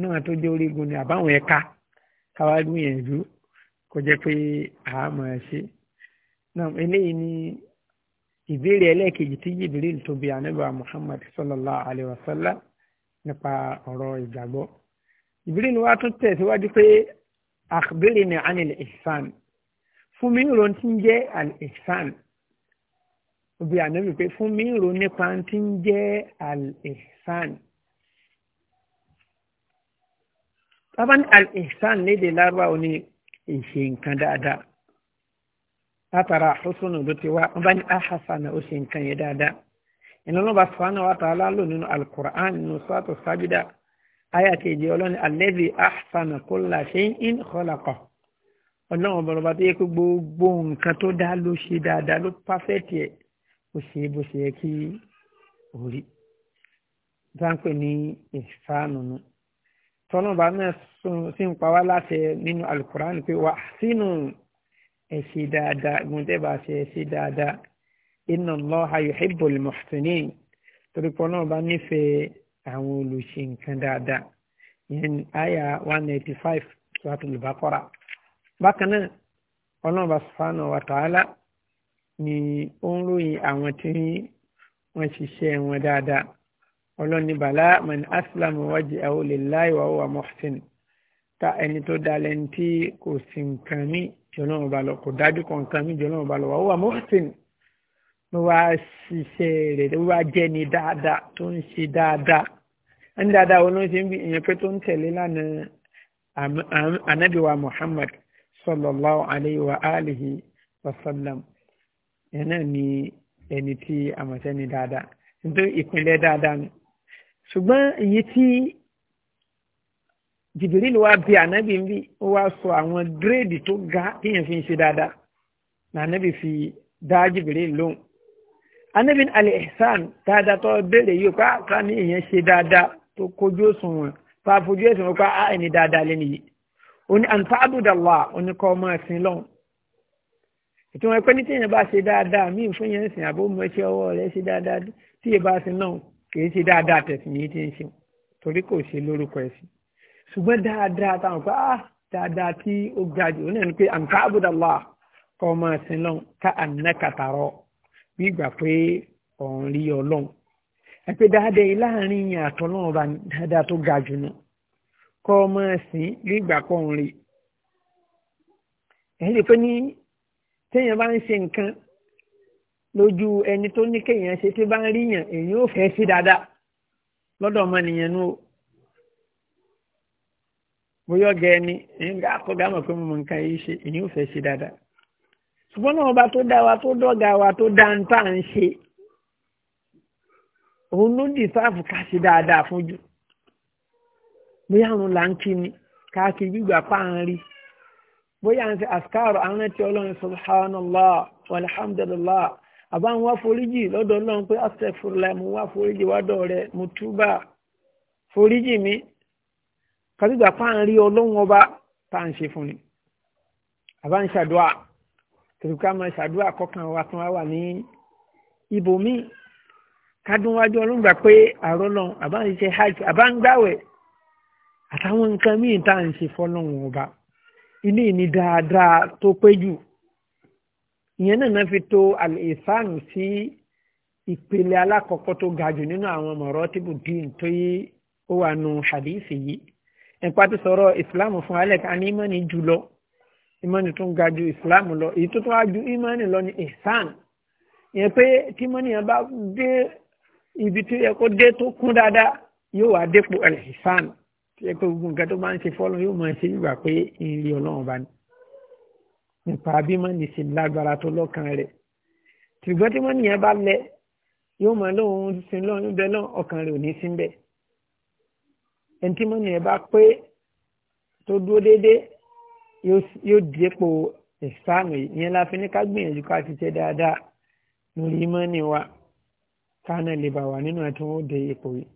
náà tó jẹ́ orígun ni àbáwọn ẹ̀ka káwá gbìyànjú kó jẹ́ pé àámọ̀ ẹ̀ ṣe náà eléyìí ni ìbéèrè ẹlẹ́ẹ̀kejì tí jibril tó bi anábà muhammad sallallahu alayhi wa sallam nípa ọ̀rọ̀ ìgbàgbọ́ jibril wa tún tẹ̀síwájú pé akhbirni anil ihsan fún mi ìròyìn tí ń jẹ́ al ihsan bí ànábì pé fún mi rò nípa tí ń jẹ́ al-ihsan. bàbá ní al-ihsan léde lárúbáwò ní ìṣe nǹkan dáadáa látara àfúsùnù ló ti wá wọn bá ní ahasana ó ṣe nǹkan yẹn dáadáa ìnáwó bá sọ́nà wa ta'ala lò nínú al-Qur'an nínú sọ́tò sábídà ayé àkejì ọlọ́ni alladhi ahsana kulla shay'in khalaqa ọlọ́run ọ̀bọ̀n ọba tó yẹ kó gbogbo nǹkan tó dá ló ṣe dáadáa ló pàfẹ́tì ẹ̀ ó ṣe bó ṣe yẹ kí orí dáńpẹ́ ní ìfànùnú tọ́lọ́ba náà sì ń pa wá láṣẹ nínú alukur'an pé wà sínú ẹ ṣe dáadáa gbọ̀ntẹ́bà ṣe ẹ ṣe dáadáa inna Allaha yuhibbul muhsinin torí pé ọlọ́ọ̀bá nífẹ̀ẹ́ àwọn olùṣe nǹkan dáadáa ìyẹn àyà one ninety five suratul Baqara bákan náà ọlọ́ọ̀bá subhanahu wa ta'ala ni ó ń ròyìn àwọn tí wọ́n ṣiṣẹ́ wọn dáadáa ọlọ́ni bàlá man aslam wajhahu lillahi wa huwa muhsin ta ẹni tó dalẹ̀ ní tí kò sí nǹkan mí jọ̀nà ọba lọ kò dájú kan nǹkan mí jọ̀nà ọba lọ wa huwa muhsin ló wá ṣiṣẹ́ rẹ̀ ló wá jẹ́ ni dáadáa tó ń ṣe dáadáa ẹni dáadáa wọn ló ń ṣe ń bí ìyẹn pé tó ń tẹ̀lé lánàá anabiwa Muhammad sallallahu alayhi wa alihi wa sallam yẹn ni ẹni tí a mọ̀ sẹ́ni dáadáa nítorí ìpínlẹ̀ dáadáa ni ṣùgbọ́n èyí tí jìbìrìlì wa bí ànábì ń bí ó wá sọ àwọn gírèdì tó ga kéèyàn fi ń ṣe dáadáa na ànábì fi dá jìbìrìlì lóhùn ànábì al-ihsan dáadáa tó béèrè yìí pé àká ní èèyàn ṣe dáadáa tó kojú òṣùwọ̀n tó àfojú ẹ̀sìn wọn pé àìní dáadáa lẹ́nu yìí ó ní an ta'budallah ọmọ ẹ̀sìn lọ́hùn ìtumọ̀ ẹ̀pẹ́ ní tíyẹn bá ṣe dáadáa míì fún yẹn ń sìn àbó mọ iṣẹ́ ọwọ́ rẹ̀ ṣe dáadáa tí yẹn bá ṣe náà kìí ṣe dáadáa tẹ̀sìn yìí ti ń ṣe torí kò ṣe lórúkọ ẹ̀sìn ṣùgbọ́n dáadáa táwọn pé ah dáadáa tí ó ga jù ó náà ní pé àǹkà àbúdàlá kọ́ ọmọ ẹ̀sìn lọ́n ká àná kàtàrọ̀ bí ìgbà pé òun rí ọlọ́run ẹ dáadáa yìí láàrin yìí náà téèyàn bá ń ṣe nǹkan lójú ẹni tó ní kéèyàn ṣe tí bá ń ríyàn èyí ò fẹ́ sí dáadáa lọ́dọ̀ ọmọnìyàn nù o bóyá ọ̀gá ẹni èyí ń kọ́gá mọ̀ pé mo mọ̀ nǹkan yìí ṣe èyí ò fẹ́ sí dáadáa ṣùgbọ́n náà ọba tó dá wa tó dọ́gà wa tó dá ń tà ń ṣe òun ló dì sáàfù ká ṣe dáadáa fún jù bóyá òun là ń kí ni ká gbígbà páà ń bóyá à ń ọlọ́run subhanallah walhamdulillah àbá ń wá foríjì lọ́dọ̀ ọlọ́run pé wá foríjì wádọ̀ mi kàdúgbà pa ọlọ́run ọba tá à ń ṣe fún ni àbá ń ṣàdúà ká máa ṣàdúà kọkàn wa wà hajj àbá ń gbàwẹ̀ àtàwọn ilé ni dáadáa tó pé jù ìyẹn náà náà fi to al-ihsan sí ìpele alákọ̀ọ́kọ́ tó ga jù nínú àwọn maratibu dín tó yí ó wà nù hadisi yìí nípa ti sọ̀rọ̀ ìsìláàmù fún alẹ́ ká ní ìmọ̀ni jù lọ ìmọ̀ni tó ń ga ju ìsìláàmù lọ èyí tó tó wá ju ìmọ̀ni lọ ní ihsan ìyẹn pé tí ìmọ̀ni yẹn bá dé ibi tó yẹ kó dé tó kún dáadáa yóò wá dépò al-ihsan tí ẹ pé gbogbo nǹkan tó bá ń ṣe fọ́lọ́ yóò máa ṣe wíwà pé ìrìn ọlọ́run bá ní nípa bí mọ́ni sì lágbára tó lọ́kàn rẹ̀ ṣùgbọ́n tí mọ́ni yẹn bá lẹ yóò máa lóun sin lọ́run yóò bẹ lọ́run ọkàn rẹ̀ ò ní sí bẹ́ẹ̀ ẹni tí mọ́ni yẹn bá pé tó dúró déédéé yóò di epo ìsánù ìyẹn la fi ní ká gbìyànjú ká ti tẹ dáadáa lórí mọ́ni wa ká náà lè bà wà nínú ẹ̀ tó ń dé ipò yìí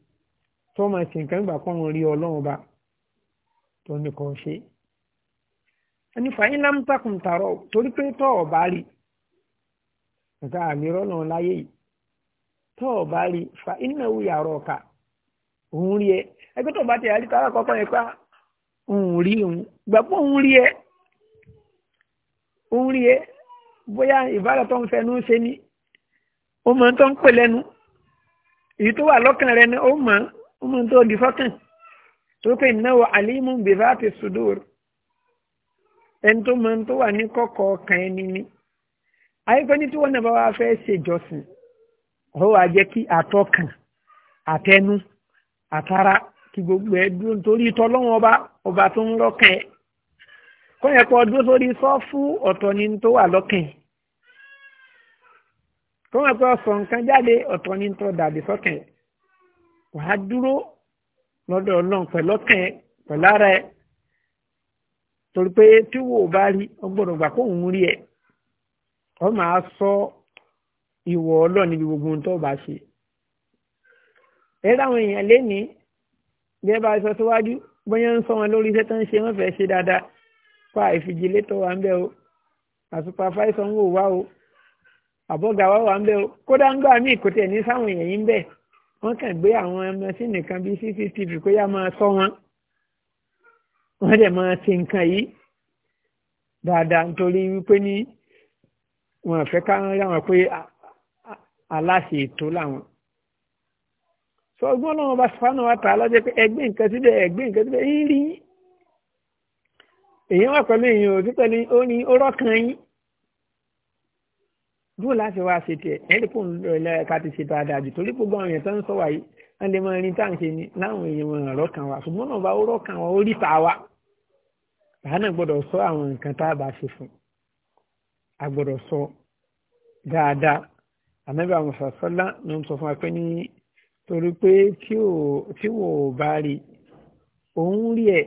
tó máa ṣe nǹkan gbà kọ́ wọn rí ọlọ́run bá tó ní kan ṣe ẹni fàyín lámùtàkùn tààrọ torí pé tọ́ ọ̀ bá rí nǹkan àmì rọ́nà láyé yìí tọ́ ọ̀ bá rí fa iná wù yàrá ọ̀ka òun rí ẹ ẹgbẹ́ tó bá ti àríkà àkọ́kọ́ yẹn pa ah, òun rí òun gbà pé òun rí ẹ òun rí ẹ bóyá ìbára tó ń fẹnu ṣe ni ó mọ tó ń pè lẹ́nu èyí tó wà lọ́kàn rẹ ni ó mọ̀ ó mọ̀ tó di fọ́kàn tó pé náwó alimu bèbá ti sudur ẹni tó mọ̀ tó wà ní kọ́kọ́ kan ẹni ní ayíkọ́ ní tí wọ́n náà bá wá fẹ́ ṣèjọsìn ó wàá jẹ́ kí àtọkàn àtẹnu àtara kí gbogbo ẹ dúró nítorí tọ́lọ́wọ́n ọba ọba tó ń lọ́kàn ẹ̀ kọ́ wàá dúró lọ́dọ̀ ọlọ́run pẹ̀lọ́kẹ́ pẹ̀lára ẹ torí pé tí wò bá rí ọgbọ́dọ̀ gbà kó òun rí ẹ ọ máa sọ ìwọ ọlọ́run níbi gbogbo ohun tó bá ṣe ẹ̀rọ àwọn èèyàn lénìí bí ẹ bá sọ síwájú bóyá ń sọ wọn lórí iṣẹ́ tó ń ṣe wọ́n fẹ́ ṣe dáadáa pa ìfìjìlétọ̀ wà ń bẹ̀ o àsùpàfáìsọ̀ ń wò wá o àbọ̀gà wá wà ń bẹ̀ o kódà ń gbà mí ìkòtẹ́ ní sáwọn èèyàn yìí ń bẹ̀ wọ́n kàn gbé àwọn ọmọ sí nìkan bíi cctv kó yá máa sọ wọn wọ́n dẹ̀ máa ti nǹkan yìí dáadáa nítorí wípé ní wọn fẹ́ ká ráwọn pé aláṣẹ ètò làwọn sọ ọgbọ́n lọ́wọ́ bá sùpánù wa tà lọ́jọ́ pé ẹgbẹ́ nǹkan síbẹ̀ ẹgbẹ́ nǹkan síbẹ̀ ń rí èèyàn wà pẹ̀lú èèyàn òtítọ́ ni ó ní ó rọ́kàn yín bó láti wá ṣe tiẹ̀ ẹ̀rí kò ń lọ ẹlẹ́yà ká ti ṣètò àdàjù torí gbogbo àwọn èèyàn tó ń sọ wáyé wọ́n lè máa rin táǹṣe ni láwọn èèyàn wọn ọ̀rọ̀ kan wá ṣùgbọ́n náà bá ọ̀rọ̀ kan wá ó rí ta wá bàá náà gbọ́dọ̀ sọ àwọn nǹkan tá a bá ṣe fún a gbọ́dọ̀ sọ dáadáa ànábì àwọn sàṣọ́lá ló ń sọ fún wa pé ní torí pé tí wò ó bá rí òun rí ẹ̀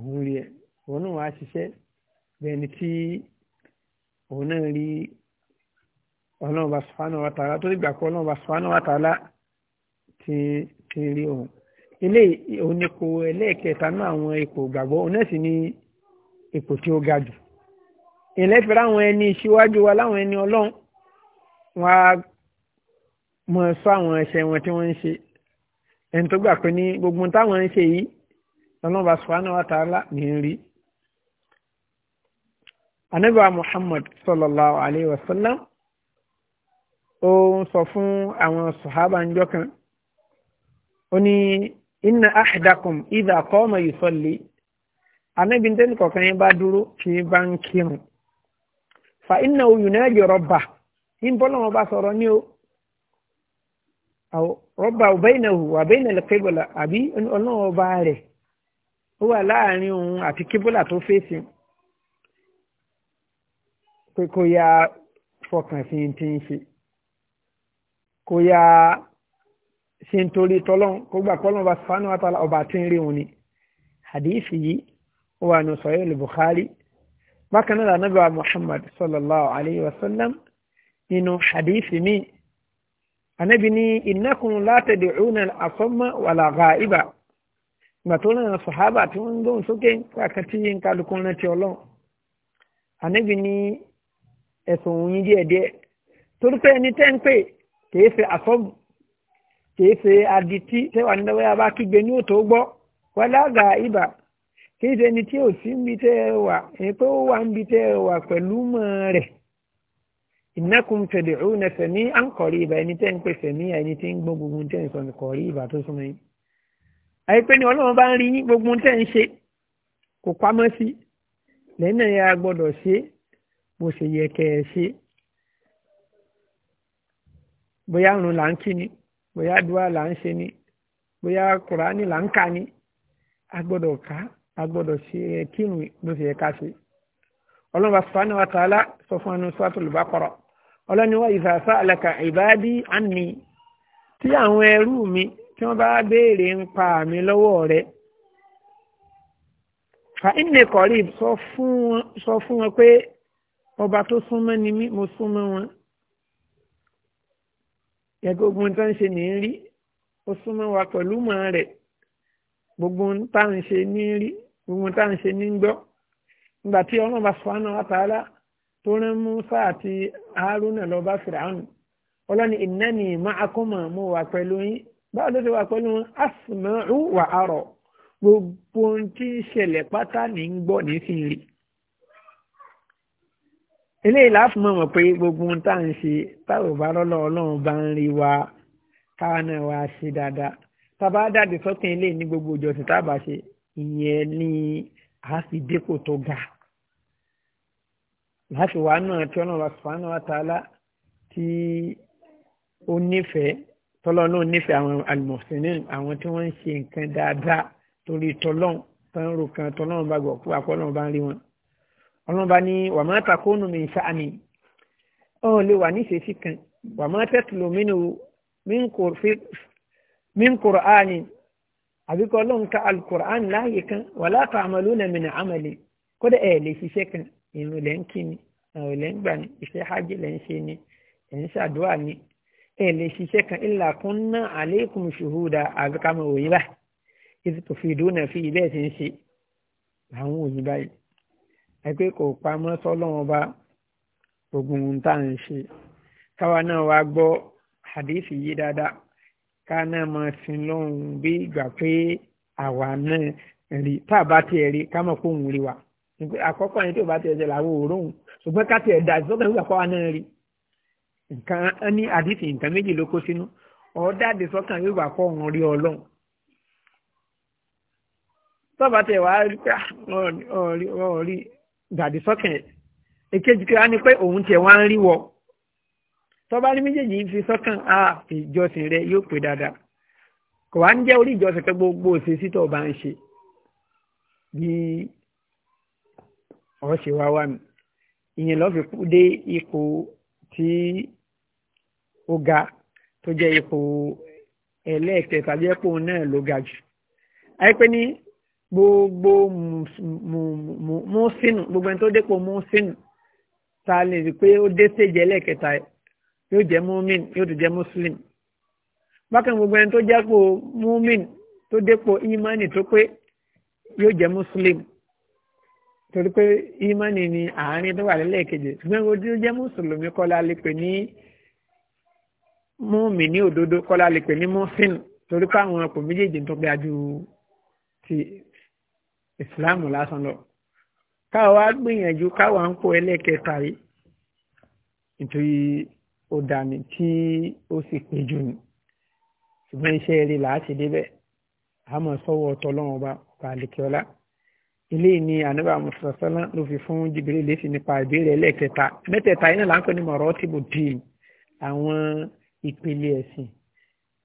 òun rí ẹ̀ òun náà wá ṣiṣẹ́ bẹ́ẹ̀ ni òun náà rí ọlọ́run bá subhanahu wa ta'ala tó dìgbà kó ọlọ́run bá subhanahu wa ta'ala ti ti rí òun ilé òun ipò ẹlẹ́ẹ̀kẹta náà àwọn ipò gbàgbọ́ òun náà sì ní ipò tí ó ga jù ìlẹ́fẹ̀ẹ́ àwọn ẹni síwájú wa láwọn ẹni ọlọ́run wọn á mọ sọ àwọn ẹ̀ṣẹ̀ wọn tí wọ́n ń ṣe ẹni tó gbà pé ní gbogbo táwọn ń ṣe yìí ọlọ́run bá subhanahu wa ta'ala ní rí anábà muhammad sallallahu alayhi wa sallam ó ń sọ fún àwọn sòhábà ńjọ́ kan ó ní inna ahdakum idha qama yusalli anábì tẹ́lẹ̀ kọ̀ọ̀kan yẹn bá dúró kì í bá ń kírun fa inna yunaji rabbah ń bọ́ lọ́wọ́ bá sọ̀rọ̀ ní o rọ́bà ọ̀bẹ́ìnàwó àbẹ́ìnàlẹ̀ kébọ̀là àbí ọlọ́wọ́ bá rẹ̀ pé kó yá fọkàn sí ti ń ṣe kó yá ṣe ń torí tọ́lọ́n kó gbà pọ́lọ́n bá sùfánù àtàlà ọba tí ń rí wọn ni hadisi yìí ó wà ní sọ̀rọ̀ ìlú Bukhari bákan náà lànà bá Muhammad sallallahu alayhi wa sallam nínú hadisi mi anabi ní innakum la tad'una al-asamma wala gha'iba ìgbà tó náà sọ̀hábà tí wọ́n ń gbóhùn sókè pàkàtí yín kálukú rántí ọlọ́run anabi ní ẹ̀sùn òun yín díẹ̀díẹ̀ torí pé ẹni tẹ́ ń pè kìí ṣe àsọ́bù kìí ṣe adití tẹ́wà ní lọ́wọ́ yàrá kígbe ní òtò gbọ́ wàlágà ibà kìí ṣe ẹni tí ò sí ń bi tẹ́ ẹ wà ẹni pé ó wà ń bi tẹ́ ẹ wà pẹ̀lú mọ́ rẹ̀ ìnákùn tẹ̀lé òun ẹsẹ̀ ní à ń kọ̀rí ibà ẹni tẹ́ ń pèsè ní ẹni tí ń gbọ́ gbogbo tẹ́ ń sọ ní kọ̀rí ibà tó súnmọ́ yín àyípẹ́ ni ọlọ́run bá ń rí gbogbo tẹ́ ń ṣe kò pamọ́ sí lẹ́yìn náà yà gbọ́dọ̀ ṣe é bó ṣe yẹ kẹ́ ẹ ṣe bóyá ìrun là ń kí ni bóyá àdúrà là ń ṣe ni bóyá kùránì là ń kà ni a gbọ́dọ̀ ká a gbọ́dọ̀ ṣe ẹ kírun bó ṣe yẹ ká ṣe ọlọ́run bá sọ́nà wa tààlà sọ fún ẹnu suratul Baqara ọlọ́ni wa idha sa'alaka ibadi anni tí àwọn ẹrú mi tí wọ́n bá béèrè ń pa mi lọ́wọ́ rẹ̀ fa inni qarib sọ fún wọn pé ọba tó súnmọ́ ni mí mo súnmọ́ wọn yàgò gbogbo ohun tó ń ṣe ní ń rí ó súnmọ́ wa pẹ̀lú mọ̀ rẹ̀ gbogbo ohun tá à ń ṣe ní rí gbogbo tá à ń ṣe ní gbọ́ nígbà tí ọlọ́run bá sọ̀rọ̀ náà wàtàlá tó rán Musa àti Haruna lọ bá Firaun ọlọ́ni ìnáni ma'akuma mo wà pẹ̀lú yín báwo ló ṣe wà pẹ̀lú wọn asma'u wa ara gbogbo ohun tí ń ṣẹlẹ̀ pátá ní gbọ́ ní fi rí eléyìí láti mọ̀ mọ̀ pé gbogbo ohun tá à ń ṣe táwọn bá lọ́lọ́ ọlọ́run bá ń rí wa káwa náà wá ṣe dáadáa tábà jáde sọ́kàn eléyìí ní gbogbo ìjọsìn tábà ṣe ìyẹn ní àfidépò tó ga láti wàá náà tí ọlọ́run subhanahu wa ta'ala tí ó nífẹ̀ẹ́ tọ́lọ́ náà nífẹ̀ẹ́ àwọn àlùmọ̀sìnì àwọn tí wọ́n ń ṣe nǹkan dáadáa torí tọ́lọ́run tán rò kan tọ́lọ́run bá gbọ̀ pé àpọ́lọ́run bá ń rí wọn ọlọ́ba ní wàmọ́ takónú mi sáàmì ó lè wà ní ìṣesí kan wàmọ́ tẹ́tùlù mínú min kùránì àbíkọ́ ọlọ́run ka alukùránì láàyè kan wà látà àmàlú nà mìnà àmàlẹ́ kódà ẹ̀ lè ṣiṣẹ́ kan ìrùn lẹ́ ń kí ni àwọn ilẹ̀ ń gbà ní iṣẹ́ hajj lẹ́ ń ṣe ni ẹ̀ ń ṣàdúrà ni ẹ̀ lè ṣiṣẹ́ kan illa kunna alaykum shuhuda àbíkámọ̀ òyìnbá ìtòfìdúnà fi ilé ti ń ṣe àwọn òyìnbá yìí ẹgbẹ́ kò pamọ́ sọ́lọ́wọ́n bá gbogbo ohun tá à ń ṣe káwa náà wá gbọ́ àdéhìí yé dáadáa ká náà máa sin lọ́hùn bí ìgbà pé àwa náà rí tá a bá tiẹ̀ rí ká mọ̀ pé òun rí wa àkọ́kọ́ yẹn tí ò bá tiẹ̀ jẹ làwọn ò róhùn ṣùgbọ́n ká tiẹ̀ dà sọ́kàn ìgbà pàwa náà rí nǹkan ní àdéhìí nǹkan méjì ló kó sínú ọ̀ọ́dáàdì sọ́kàn ìgbà pọ̀ òun rí ọlọ́run tọ́ba tẹ̀ wá rí ah, dàdí sọ́kàn ẹ̀ èkejì kí wá ní pé òun tiẹ̀ wá ń rí wọ tọ́ba ní méjèèjì fi sọ́kàn á ìjọsìn rẹ yóò pé dáadáa kò wá ń jẹ́ orí ìjọsìn pé gbogbo òṣèṣì tó bá ń ṣe bí ọ̀ ṣe wá wà mí ìyẹn lọ́ fi dé ipò tí ó ga tó jẹ́ ipò ẹlẹ́ẹ̀kẹ́ tàbí ẹ̀pọ̀ náà ló ga jù àìpé ní gbogbo mùsínù gbogbo ẹni tó dépò mùsínù ta lè rí pé ó dé séjẹ lẹ́ẹ̀kẹta yóò jẹ́ múmin yóò tún jẹ́ muslim bákan gbogbo ẹni tó jẹ́pò múmin tó dépò ìmánì tó pé yóò jẹ́ muslim torí pé ìmánì ni àárín tó wà lẹ́ẹ̀kejì ṣùgbọ́n gbogbo tó jẹ́ mùsùlùmí kọ́lá lè pè ní múmi ní òdodo kọ́lá lè pè ní mùsìn torí pé àwọn ọkọ̀ méjèèjì ń tọ́gbẹ́ ajú ìsìláàmù lásán lọ káwa gbìyànjú káwa ń kó ẹlẹ́kẹta yìí nítorí ó dàní tí ó sì pé jù ní ṣùgbọ́n iṣẹ́ rí làásì débẹ̀ àmọ́ sọ́wọ́ tọ́lọ́wọ́n ọba ọba àlèkèọ́lá ilé ní ànábà mùsùlùmí ló fi fún jìbìrì lẹ́sì nípa ìbéèrè ẹlẹ́kẹta mẹ́tẹ̀ẹ̀ta yìí náà là ń pè ní mọ̀rọ́ tìbò àwọn ìpele ẹ̀sìn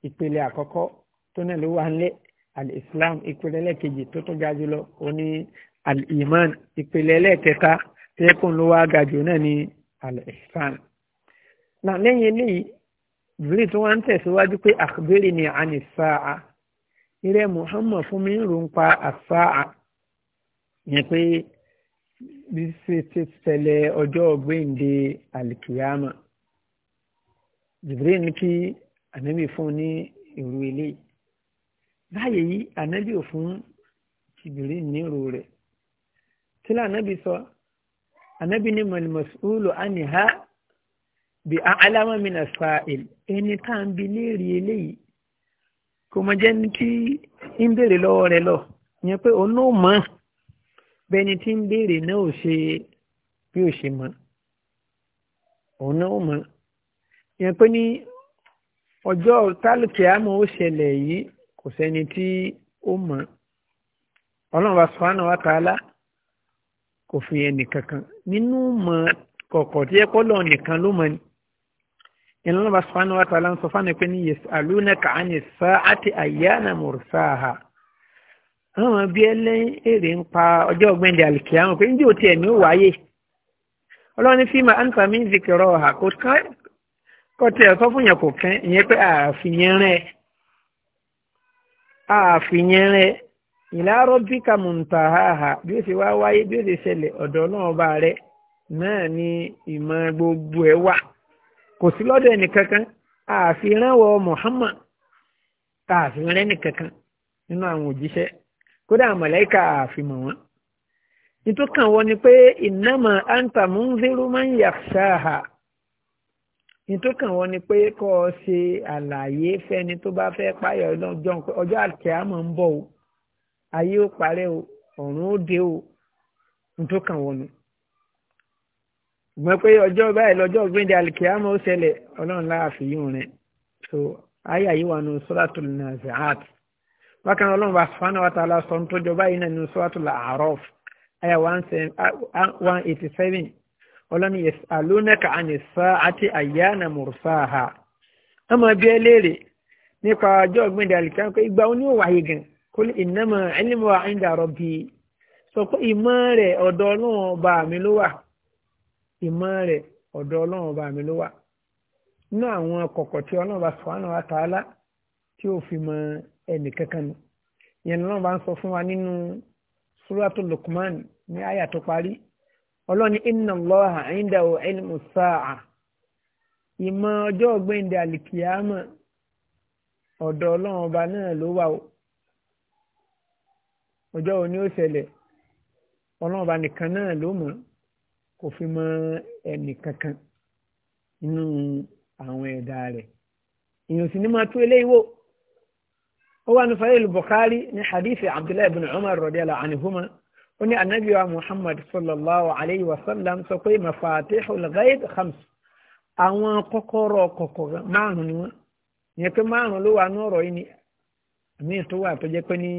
ìpele àkọ́kọ́ tó náà ló wà ńlẹ̀ al-islam ìpele ẹlẹ́kejì tó tún ga jùlọ ó ní al-iman ìpele ẹlẹ́kẹta tẹ́kùn ló wá ga jù náà ní al-ihsan. nà lẹ́yìn eléyìí Jibril tó wá ń tẹ̀síwájú pé akhbirni ani sa'a irẹ́ Muhammad fún mi ń rò ń pa as-sa'a pé bí ṣe ti tẹ̀lé ọjọ́ ọ̀gbẹ́ǹde alikiyama Jibril ní kí ànábì fún ní ìrù eléyìí báyìí yìí ànábì ò fún jìbìrì nírò rẹ̀ tí lànàbì sọ ànábì ní mọ̀lìmọ̀sùlù àníhá bí alámọ̀mìnà sàìl ẹni tá à ń bi léèrè eléyìí kò mọ̀ jẹ́ ní kí ń béèrè lọ́wọ́ rẹ̀ lọ ìyẹn pé òun náà mọ̀ bẹ́ni tí ń béèrè náà ò ṣe bí ò ṣe mọ̀ òun náà mọ̀ ìyẹn pé ní ọjọ́ tálùkì àmọ́ ó ṣẹlẹ̀ yìí kò sẹ́ni tí ó mọ̀ ọlọ́run bá sọ́hánà wa tààlà kò fi ẹnì kankan nínú mọ̀ kọ̀ọ̀kọ̀ tí ẹ kọ́ lọ nìkan ló mọ̀ ni ìlànà bá sọ́hánà wa tààlà ń sọ fáwọn ẹ̀pẹ́ ní yas'alunaka 'ani s-sa'ati ayyana mursaha àwọn bí ẹlẹ́yìn èrè ń pa ọjọ́ ọ̀gbẹ́ndẹ̀ àlìkíyàmọ̀ pé njẹ́ òtí ẹ̀mí ó wáyé ọlọ́run ní fíìmù anta min zikraha kò tẹ́ kò kẹ́ ìyẹn àfihàn rẹ ìlàrọ̀ bí ha àhà bí ó ṣe wá wáyé bí ó ṣe ṣẹlẹ̀ ọ̀dọ̀ náà bá rẹ náà ni ìmọ̀ gbogbo ẹ̀ wà kò sí lọ́dọ̀ ẹnìkankan àfihàn Muhammad tá àfihàn ẹnìkankan nínú àwọn òjíṣẹ́ kódà màláíkà àfihàn wọn nítorí kàn wọ́n ni pé ìnáma àǹtà máa ń yàtọ̀ ní tó kàn wọ́n ni pé kọ́ ọ ṣe àlàyé fẹ́ni tó bá fẹ́ páyọ̀ ọjọ́ ọjọ́ àkẹ́hámọ́ ń bọ̀ o ayé ó parẹ́ o ọ̀run ó dé o ní tó kàn wọ́n nu. ìgbọ́n pé ọjọ́ báyìí lọ́jọ́ gbéńdé ó ṣẹlẹ̀ ọlọ́run láàfin yìí rẹ̀ so ayé àyè nù bákan ọlọ́run bá wa tó jọ báyìí náà nù ayé one eighty seven. ọlọ́ni yẹ̀sàlónẹ́kà ànìsá àti àyànà mùrùsáà ọmọ bí ẹ léèrè nípa ọjọ́ ọ̀gbìn dàlìkan pé ìgbà oní òwàyè gan kó lè ìnámọ̀ ẹlẹ́mọ̀ àyíǹda rọ̀bì sọ pé ìmọ̀ rẹ̀ ọ̀dọ̀ ọlọ́run ọba mi ló wà ìmọ̀ rẹ̀ ọ̀dọ̀ ọlọ́run ọba mi ló wà nínú àwọn kọ̀kọ̀ tí ọlọ́run bá sọ àná àtàlá tí ó fi mọ ẹnì kankan nù ìyẹn lọ́run bá ń sọ fún wa nínú súrátù Luqman ní àyà tó parí ọlọ́ni inna Allaha indahu ilmu sáà ìmọ̀ ọjọ́ ọ̀gbẹ́ndẹ̀ àlìkìyàmọ̀ ọ̀dọ̀ ọlọ́run ọba náà ló wà o ọjọ́ wo ni ó ṣẹlẹ̀ ọlọ́run ọba nìkan náà ló mọ̀ kò fi mọ ẹnì kankan nínú àwọn ẹ̀dá rẹ̀ èèyàn sì ní máa tú eléyìí wò ó wà ní fayil Bukhari ní hadithi Abdullahi ibn Umar radiyallahu anhuma ó ní anabiwa muhammad sallallahu alayhi wa sallam sọ pé mafatihul ghaib khams àwọn kọ́kọ́rọ́ kọ́kọ́rọ́ márùn-ún ni wọ́n ìyẹn pé márùn-ún ló wà ní ọ̀rọ̀ yìí ni àmì tó wà tó jẹ́ pé ní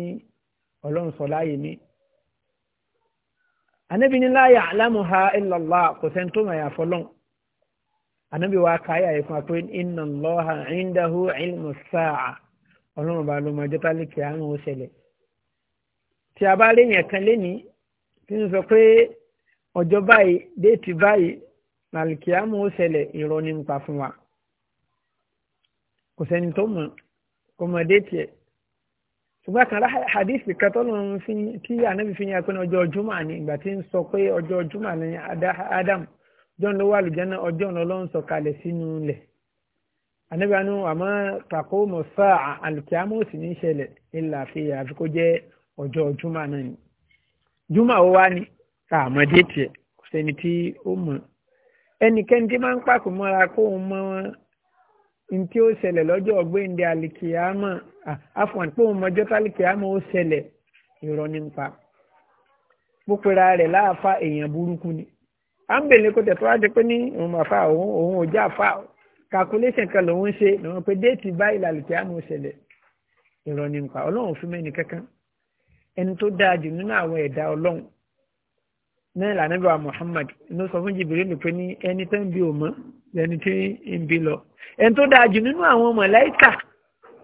ọlọ́run sọ láàyè ni. anabi ní la ya'lamuha illa Allah kò sẹ́ni tó mọ̀ yàfọ́ lọ́n anabi wa káyà yìí fún wa pé inna Allaha indahu ilmu sa'a ọlọ́run bá ló mọ ọjọ́ tálíkì àrùn ó ṣẹlẹ̀ tí a bá réyìn ẹ̀kan lénìí tí ń sọ pé ọjọ́ báyìí déètì báyìí màlìkíámù ó ṣẹlẹ̀ irọ́ ní nípa fún wa kò sẹ́ni tó mọ̀ kò mọ̀ déètì ẹ̀ ṣùgbọ́n kan hadith kan tó lọ́n fi kí ànábì fi yàn pé ọjọ́ júmọ̀ ni ìgbà tí ń sọ pé ọjọ́ júmọ̀ ni Adam john ló wà lùjánná ọjọ́ ọ̀nà ọlọ́run sọ kalẹ̀ sínú ilẹ̀ ànábì àánú àmọ́ tàkó mọ̀ sáà àlìkíámù ó sì ní ṣẹlẹ̀ ìlà àfihàn àfikó jẹ́ ọjọ́ júmọ̀ náà ni júmọ̀ ó wá ní àmọ́dé tiẹ̀ kò sẹ́ni tí ó mọ̀ ẹnikẹ́ni tí máa ń pàkó mọ́ra kó o mọ n tí ó ṣẹlẹ̀ lọ́jọ́ ọ̀gbẹ́ndé alikiyama àfọ̀n pé òun mọjọ́ talikiyama ó ṣẹlẹ̀ irọ́ nípa pópera rẹ̀ láàfa èèyàn burúkú ni à ń bèèrè kó tẹ̀tọ́ wájú pé ní òun àfa òun òun ò já àfa calculation kan lòun ṣe lòun pé déètì báyìí lalikiyama ṣẹlẹ̀ irọ́ nípa ọlọ́run fún mẹ́ni kankan ẹni tó dáa jù nínú àwọn ẹ̀dá ọlọ́run náà lànàbí wa Muhammad ló sọ fún Jibril pé ní ẹni tó ń bi òmọ́ ẹni tí ń bi lọ ẹni tó dáa jù nínú àwọn mọ̀láìkà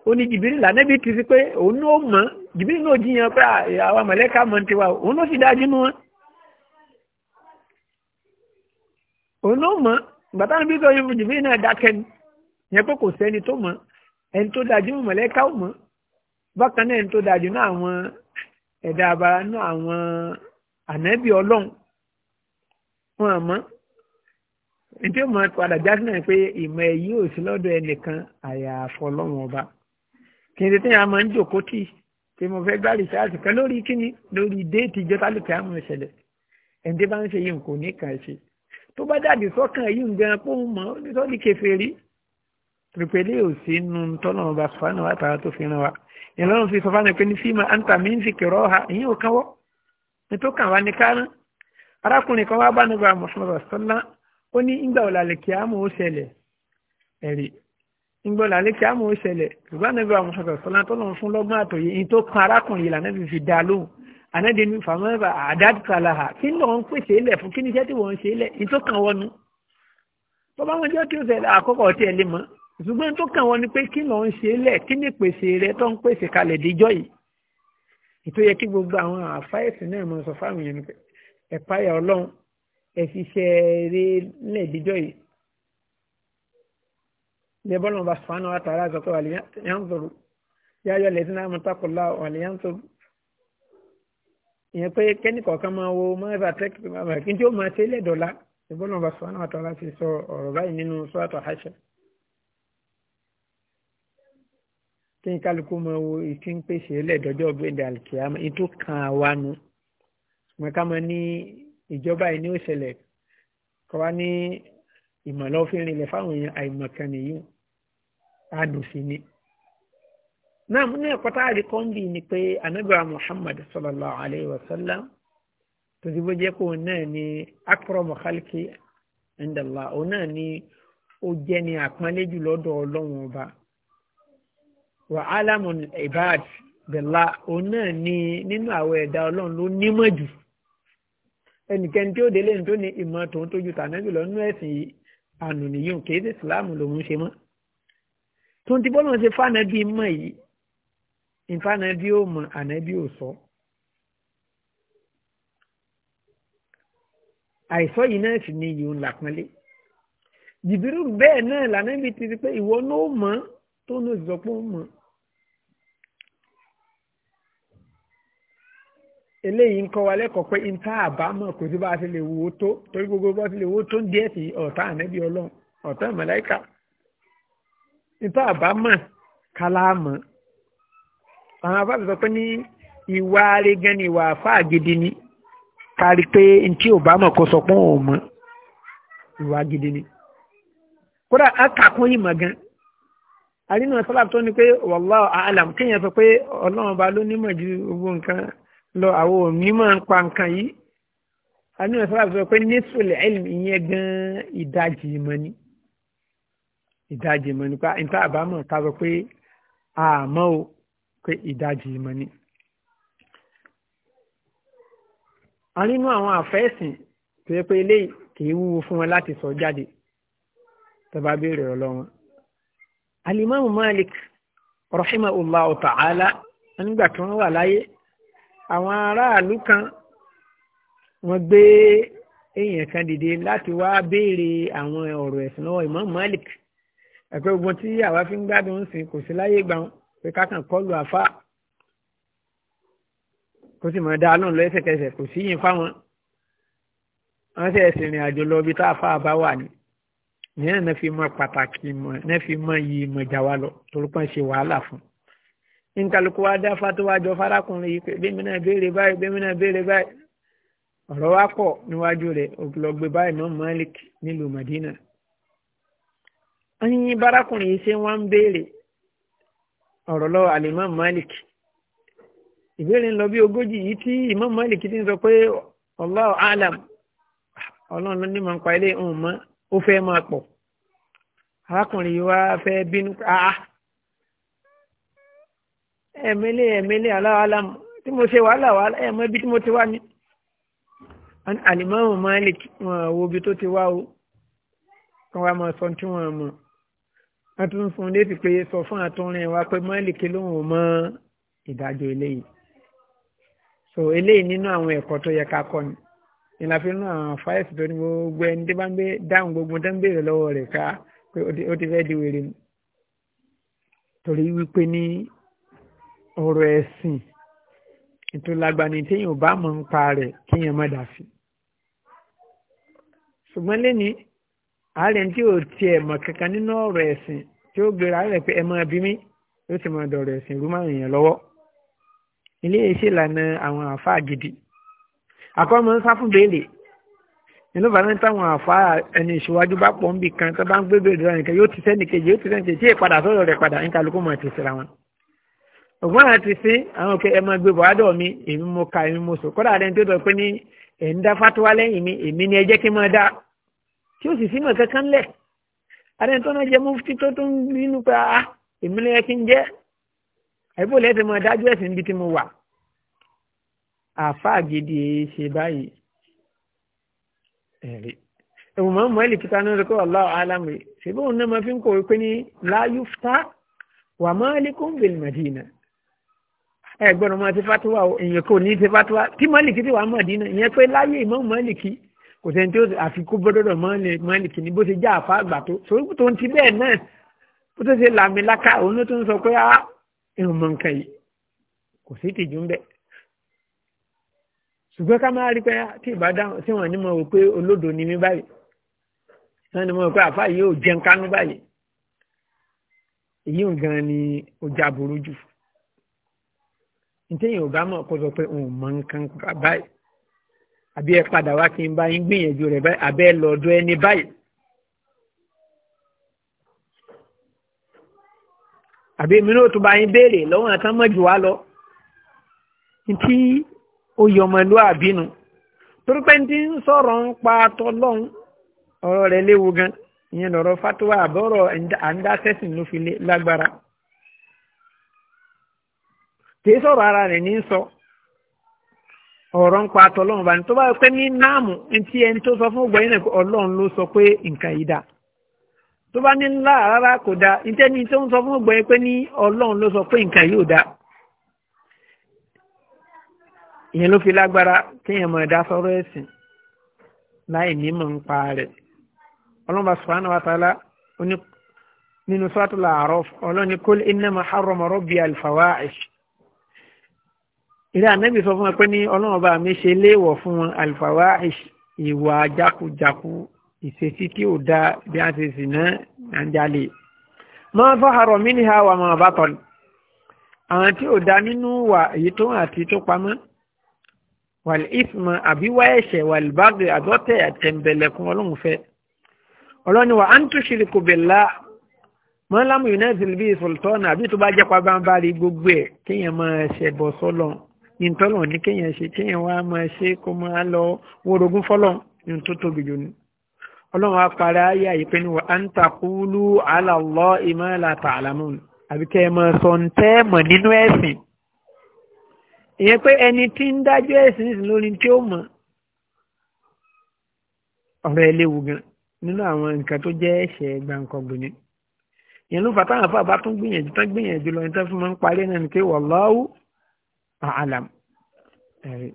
ó ní Jibril lànàbí ti fi pé òun ló mọ̀ Jibril náà jiyàn pé àwọn mọ̀lẹ́kà mọ̀ ń tiwa òun ló sì dáa jù nínú wọn. òun ló mọ̀ bàtà níbi tó yẹ Jibril náà dákẹ́ ni yẹn pé kò sẹ́ni tó mọ̀ ẹni tó dáa jù mọ̀lẹ́kà ò mọ̀ bákan náà ẹni tó dáa jù náà àwọn ẹ̀dá abara nú àwọn ànábì ọlọ́run fún àmọ́ ètò ìmọ̀ padà jáde náà pé ìmọ̀ ẹ̀yí ò sí lọ́dọ̀ ẹnìkan àyàfọ́ ọlọ́run ọba kí n ṣe téèyàn máa ń jòkó tì pé mo fẹ́ gbá rìsáàtì kan lórí kíni lórí déètì ìjọba lùkẹ́ àmọ́ ìṣẹ̀lẹ̀ ẹ̀ǹdẹ́ bá ń ṣe yìí kò ní ṣe tó bá jáde sọ́kàn yìí gan pé òun mọ̀ ní sọ́ọ́ ní kèfèrí pèpèlé ò sí nu tọ́lọ́run ọba sùfàánù wàtàrà tó fi ràn wá ìlọ́run fi sọ fún mi pé ní fíìmù anta mi ń fi kẹ̀rọ ọ̀ha ìyín ò kánwọ́ ní tó kàn wá ní kánú arákùnrin kan wá bá nígbà mọ̀sánmọ́sán sọ́lá ó ní ìgbà òlàlẹ̀ kí á mú ó ṣẹlẹ̀ ẹ̀rí ìgbà òlàlẹ̀ kí á mú ó ṣẹlẹ̀ ìgbà nígbà mọ̀sánmọ́sán sọ́lá tó lọ́n fún lọ́gbọ́n àtòyè ní tó kan arákùnrin yìí lànàbí fi dá lóhùn ànádé ní fàmọ́ẹ́fà àdádùkàlàhà kí ni ṣùgbọ́n tó kàn wọ́n ni pé kí ló ń ṣe lẹ̀ kí ni pèsè rẹ tó ń pèsè kalẹ̀ díjọ́ yìí ètò yẹ kí gbogbo àwọn àfáìsì náà mọ̀ sọ fáwọn èèyàn pé ẹ ọlọ́run ẹ ṣiṣẹ́ lẹ̀ díjọ́ yìí lè bọ́ lọ́nà bá sùfàánù wa tààrà àgbà pé wà lè yàn zòrò yá yọ lẹ́sìn náà mọ́tàkùnlá wà lè yàn zòrò ìyẹn pé kẹ́nìkọ̀ọ̀kan máa wo mọ́ẹ́fà tẹ́kì kí n tí ó máa ṣe lẹ́dọ̀ọ́lá lè bọ́ lọ́nà bá sùfàánù wa tààrà ti sọ ọ̀rọ̀ báyìí nínú sọ́ọ̀tọ̀ àṣẹ. kí n kálukú máa wo ìtí ń pèsè lẹ́ẹ̀dọ́jọ́ gbẹ̀dẹ̀ àlùkìyàmọ́ ètò kan àwa nu ṣùgbọ́n ká máa ní ìjọba yìí ní òṣèlẹ̀ kọ́ wa ní ìmọ̀lọ́ fi rinlẹ̀ fáwọn èèyàn àìmọ̀kan nìyí àdùn ni. náà mú ní ẹ̀kọ́ tá a rí kọ́ńbì ni pé anábìrà Muhammad sallallahu alayhi wa sallam tó ti bó jẹ́ pé òun náà ni akramu khalqi indallah òun náà ni ó jẹ́ ni àpọ́nlé jù lọ́dọ̀ ọlọ́run ọba wà álámùn ibad bẹ̀là òun náà ni nínú àwọn ẹ̀dá ọlọ́run ló nímọ̀ jù ẹnikẹ́ni tí ó délé ní tó ní ìmọ̀ tòun tójú tànẹ́bì lọ nínú ẹ̀sìn ànù nìyí kì í sí ìsìláàmù lòun ṣe mọ́ tó ń ti bọ́lọ̀ ṣe fànẹ́bí mọ̀ yìí ìfànẹ́bí ò mọ̀ ànẹ́bí ò sọ. àìsọ yìí náà sì ni ìyóò ńlá jìbìrú bẹ́ẹ̀ náà lànàbí ti rí pé ìwọ náà mọ̀ tó ń sọ pé ó mọ̀ eléyìí ń kọ́ wa lẹ́kọ̀ọ́ pé n tá àbámọ̀ kò sí bá a ti lè wo tó torí gbogbo bá a ti lè wo tó ń díẹ̀ sí ọ̀tá ànẹ́bí ọlọ́run ọ̀tá màláíkà n tá àbámọ̀ kálámọ̀ àwọn afáàbí sọ pé ní ìwà aregan ni ìwà àfáà gidi ni kárí pé n tí ò bá mọ̀ kó sọ pé òun mọ̀ ìwà gidi ni kódà á kà kún ìmọ̀ gan àrínà sọ́lá tó ní pé wallahu a'lam kéèyàn sọ pé ọlọ́run ọba ló nímọ̀ ju gbogbo nǹkan lọ àwọn òmí máa ń pa nǹkan yìí àní ìsọ́lá sọ pé nísòlè ẹ̀lìm ìyẹn gan-an ìdajì ìmọ̀ ni ìdajì ìmọ̀ ni pé níta àbámọ̀ ká sọ pé àmọ́ o pé ìdajì ìmọ̀ ni. a nínú àwọn àfẹ́sìn tó yẹ pé eléyìí kì í wúwo fún wọn láti sọ jáde tó béèrè ọ̀rọ̀ alimami Malik rahimahullah ta'ala nígbà tí wọ́n wà láyé àwọn aráàlú kan wọ́n gbé èèyàn kan dìde láti wá béèrè àwọn ọ̀rọ̀ ẹ̀sìn lọ́wọ́ Imam Malik ẹ̀pẹ́ ogun tí àwa fi ń gbádùn ń sìn kò sí láyé gbà wọn pé kákan kọlu àfa kó sì mọ̀ dá lóun lẹ́sẹ̀kẹsẹ̀ kò sí yín fáwọn wọ́n sì ẹ̀sìn ìrìn àjò lọ bí tá àfa bá wà ní ìyẹn náà fi mọ pàtàkì náà fi mọ iyì ìmọ̀jà wa lọ torúpọ̀ ṣe wàhálà fún un. nkàlùkù wa dáfa tó wá jọ farakùnrin yìí pé bẹ́ẹ̀ mi náà béèrè báyìí bẹ́ẹ̀ mi náà béèrè wa Malik Madina. ẹyin bara yìí se wọ́n bere bere ọ̀rọ̀ lọ́wọ́ alimam Malik iberi ń bi ogoji yi ti imam Malik ti ń sọ pé Allahu alam ọlọ́run ló ní mọ̀ nípa ẹ̀mẹ́lẹ́ ẹ̀mẹ́lẹ́ aláwàlámù tí mo ṣe wàhálà wàhálà ẹ̀mọ́ ibi tí mo ti wá ní. alimami Malik wọn wo ibi tó ti wá o kan wá máa sọ tí wọn mọ wọn tún fún un létí pé sọ fún àtúnrin wa pé Malik lòun ò mọ ìdájọ́ eléyìí so eléyìí nínú àwọn ẹ̀kọ́ tó yẹ ká kọ́ ni ìlànà fún àwọn fáìsì tó ní gbogbo ẹni tí bá ń gbé dáhùn gbogbo tó ń béèrè lọ́wọ́ rẹ̀ ká pé ó ti fẹ́ di wèrè mu torí wípé ní ọ̀rọ̀ ẹ̀sìn ètò lágbàní téèyàn bá mọ̀ ń pa rẹ̀ kéèyàn má dà sí. ṣùgbọ́n lẹ́ni àárẹ̀ tí ò tiẹ̀ mọ̀ kankan nínú ọ̀rọ̀ ẹ̀sìn tí ó gbéra rẹ̀ pé ẹ máa bí mi ló ti máa dọ̀rọ̀ ẹ̀sìn rú márùn yẹn lọ́wọ́. ilé iṣẹ́ ìlànà àwọn àáfàá gidi àkọ́ mọ̀ ń sá fún béèlè nínú ìbáná táwọn àáfàá ẹni ìṣíwájú bá pọ̀ ń bì kan tó bá ń gbé béèlè rẹ̀ nìkan yóò ti sẹ́nìkejì yóò ti sẹ́nìkejì tí èèpadà ògbọ́n àti sí àwọn òkè ẹ máa gbé bọ̀wádọ̀ mi èmi mo ka èmi mo sọ kọ́dà rẹ̀ ń tó dọ̀ pé ní ẹ̀ ń dá fatuwa lẹ́yìn mi èmi ni ẹ jẹ́ kí n máa dá tí ó sì sí mọ̀ kankan lẹ̀ àrẹ tó náà jẹ́ mufti tó tó ń bínú pé a èmi ló yẹ kí n jẹ́ àìbò lẹ́sìn máa dájú ẹ̀sìn níbi tí mo wà àáfàá gidi èyí e ṣe báyìí ẹ̀rí ẹ̀wọ̀n mọ̀ ẹ́ lìkítà náà rẹ̀ kó Allahu alam òun náà máa fi ń kọ̀wé pé ní la yufta wa malikun bil madina ẹgbẹ́rún máa ti fatuwa èèyàn kò ní ti fatuwa tí mọ́lìkì ti wà mọ̀dínà ìyẹn pé láyé ìmọ̀ mọ́lìkì kò sẹ́ni tí ó àfi kó gbọ́dọ̀ mọ́lìkì ní bó ṣe já àfa àgbà tó sórí tó ń ti bẹ́ẹ̀ náà bó tó ṣe làmìlaka òun ló tó ń sọ pé á ah, ìhùn mọ̀ nǹkan yìí kò sí tìjú ń bẹ̀. ṣùgbọ́n ká máa rí pé ah, tí ìbá dáhùn tí wọ́n ní mọ̀ wò pé olódò ni mí báyìí wọ́n ní mọ̀ wò ni ó já ntẹ́yìn ọ̀gá mọ̀ kó sọ pé òun mọ̀ nǹkan báyìí àbí ẹ padà wá kí n bá yín gbìyànjú rẹ̀ báyìí àbẹ́ ẹ lọ́ọ́dọ̀ ẹni báyìí. àbí èmi náà tó bá yín béèrè lọ́wọ́ àtàn mọ́jú wa lọ ntí oyè ọmọlúwàbí nu torípé ntí ń sọ̀rọ̀ ń pa atọ́ lọ́hùn ọ̀rọ̀ rẹ̀ léwu gan ìyẹn lọ́rọ̀ fatuwa àbọ̀rọ̀ àńdá ló fi lágbára. kìí sọ̀rọ̀ ara rẹ̀ ní sọ ọrọ ń pa àtọ̀lọ́run bá ní tó bá pẹ́ ní náàmù ntí ẹni tó sọ fún ọgbọ̀n náà ọlọ́run ló sọ pé nǹkan yìí dá tó bá ní ńlá rárá kò dá tó ń sọ fún pé ní ló sọ pé nǹkan yìí ò dá ìyẹn ló fi lágbára kéèyàn láì ní ilé ànábì sọ fún wọn pé ní ọlọ́run ọba mi ṣe léèwọ̀ fún wọn àlùfàwà ìwà jákujàku ìṣesí tí ò dáa bí a ṣe sì ná àǹjalè máa fọ́hàrọ̀ mí ní àwà máa bá tọ̀lù àwọn tí ò dáa nínú wà èyí tó hàn àti tó pamọ́ wàlì ìfìmọ̀ àbíwá ẹ̀ṣẹ̀ wàlì báàgì àdọ́tẹ̀ àtẹ̀m̀bẹ̀lẹ̀kùn ọlọ́run fẹ́ ọlọ́ni wa an tushriku billah mọ́lámù united bíi sultana àbí tó bá jẹ́ pàbámbarì gbogbo ẹ̀ kéèyàn máa ṣẹ̀bọ̀ sọ́lọ́n ìtọ́lọ̀ ní kéèyàn ṣe kéèyàn wá máa ṣe kó máa lọ wórogún fọ́lọ̀ ní tó tóbi jù ní ọlọ́run á parí ayé àyípẹ́ ní wa an taqulu ala Allahi ma la ta'lamun àbí kẹ́ ẹ máa sọ ń tẹ́ mọ̀ nínú ẹ̀sìn ìyẹn pé ẹni tí ń dájú ẹ̀sìn lórí tí ó mọ̀ ọ̀rọ̀ ẹlẹ́wu gan nínú àwọn nǹkan tó jẹ́ ẹ̀ṣẹ̀ gbàǹkọ̀gbìn ìyẹn ló fà táwọn afọ àbá tún gbìyànjú tán gbìyànjú lọ ní tán fún mọ́ ń parí náà ní pé wallahu àálàm ẹ̀rí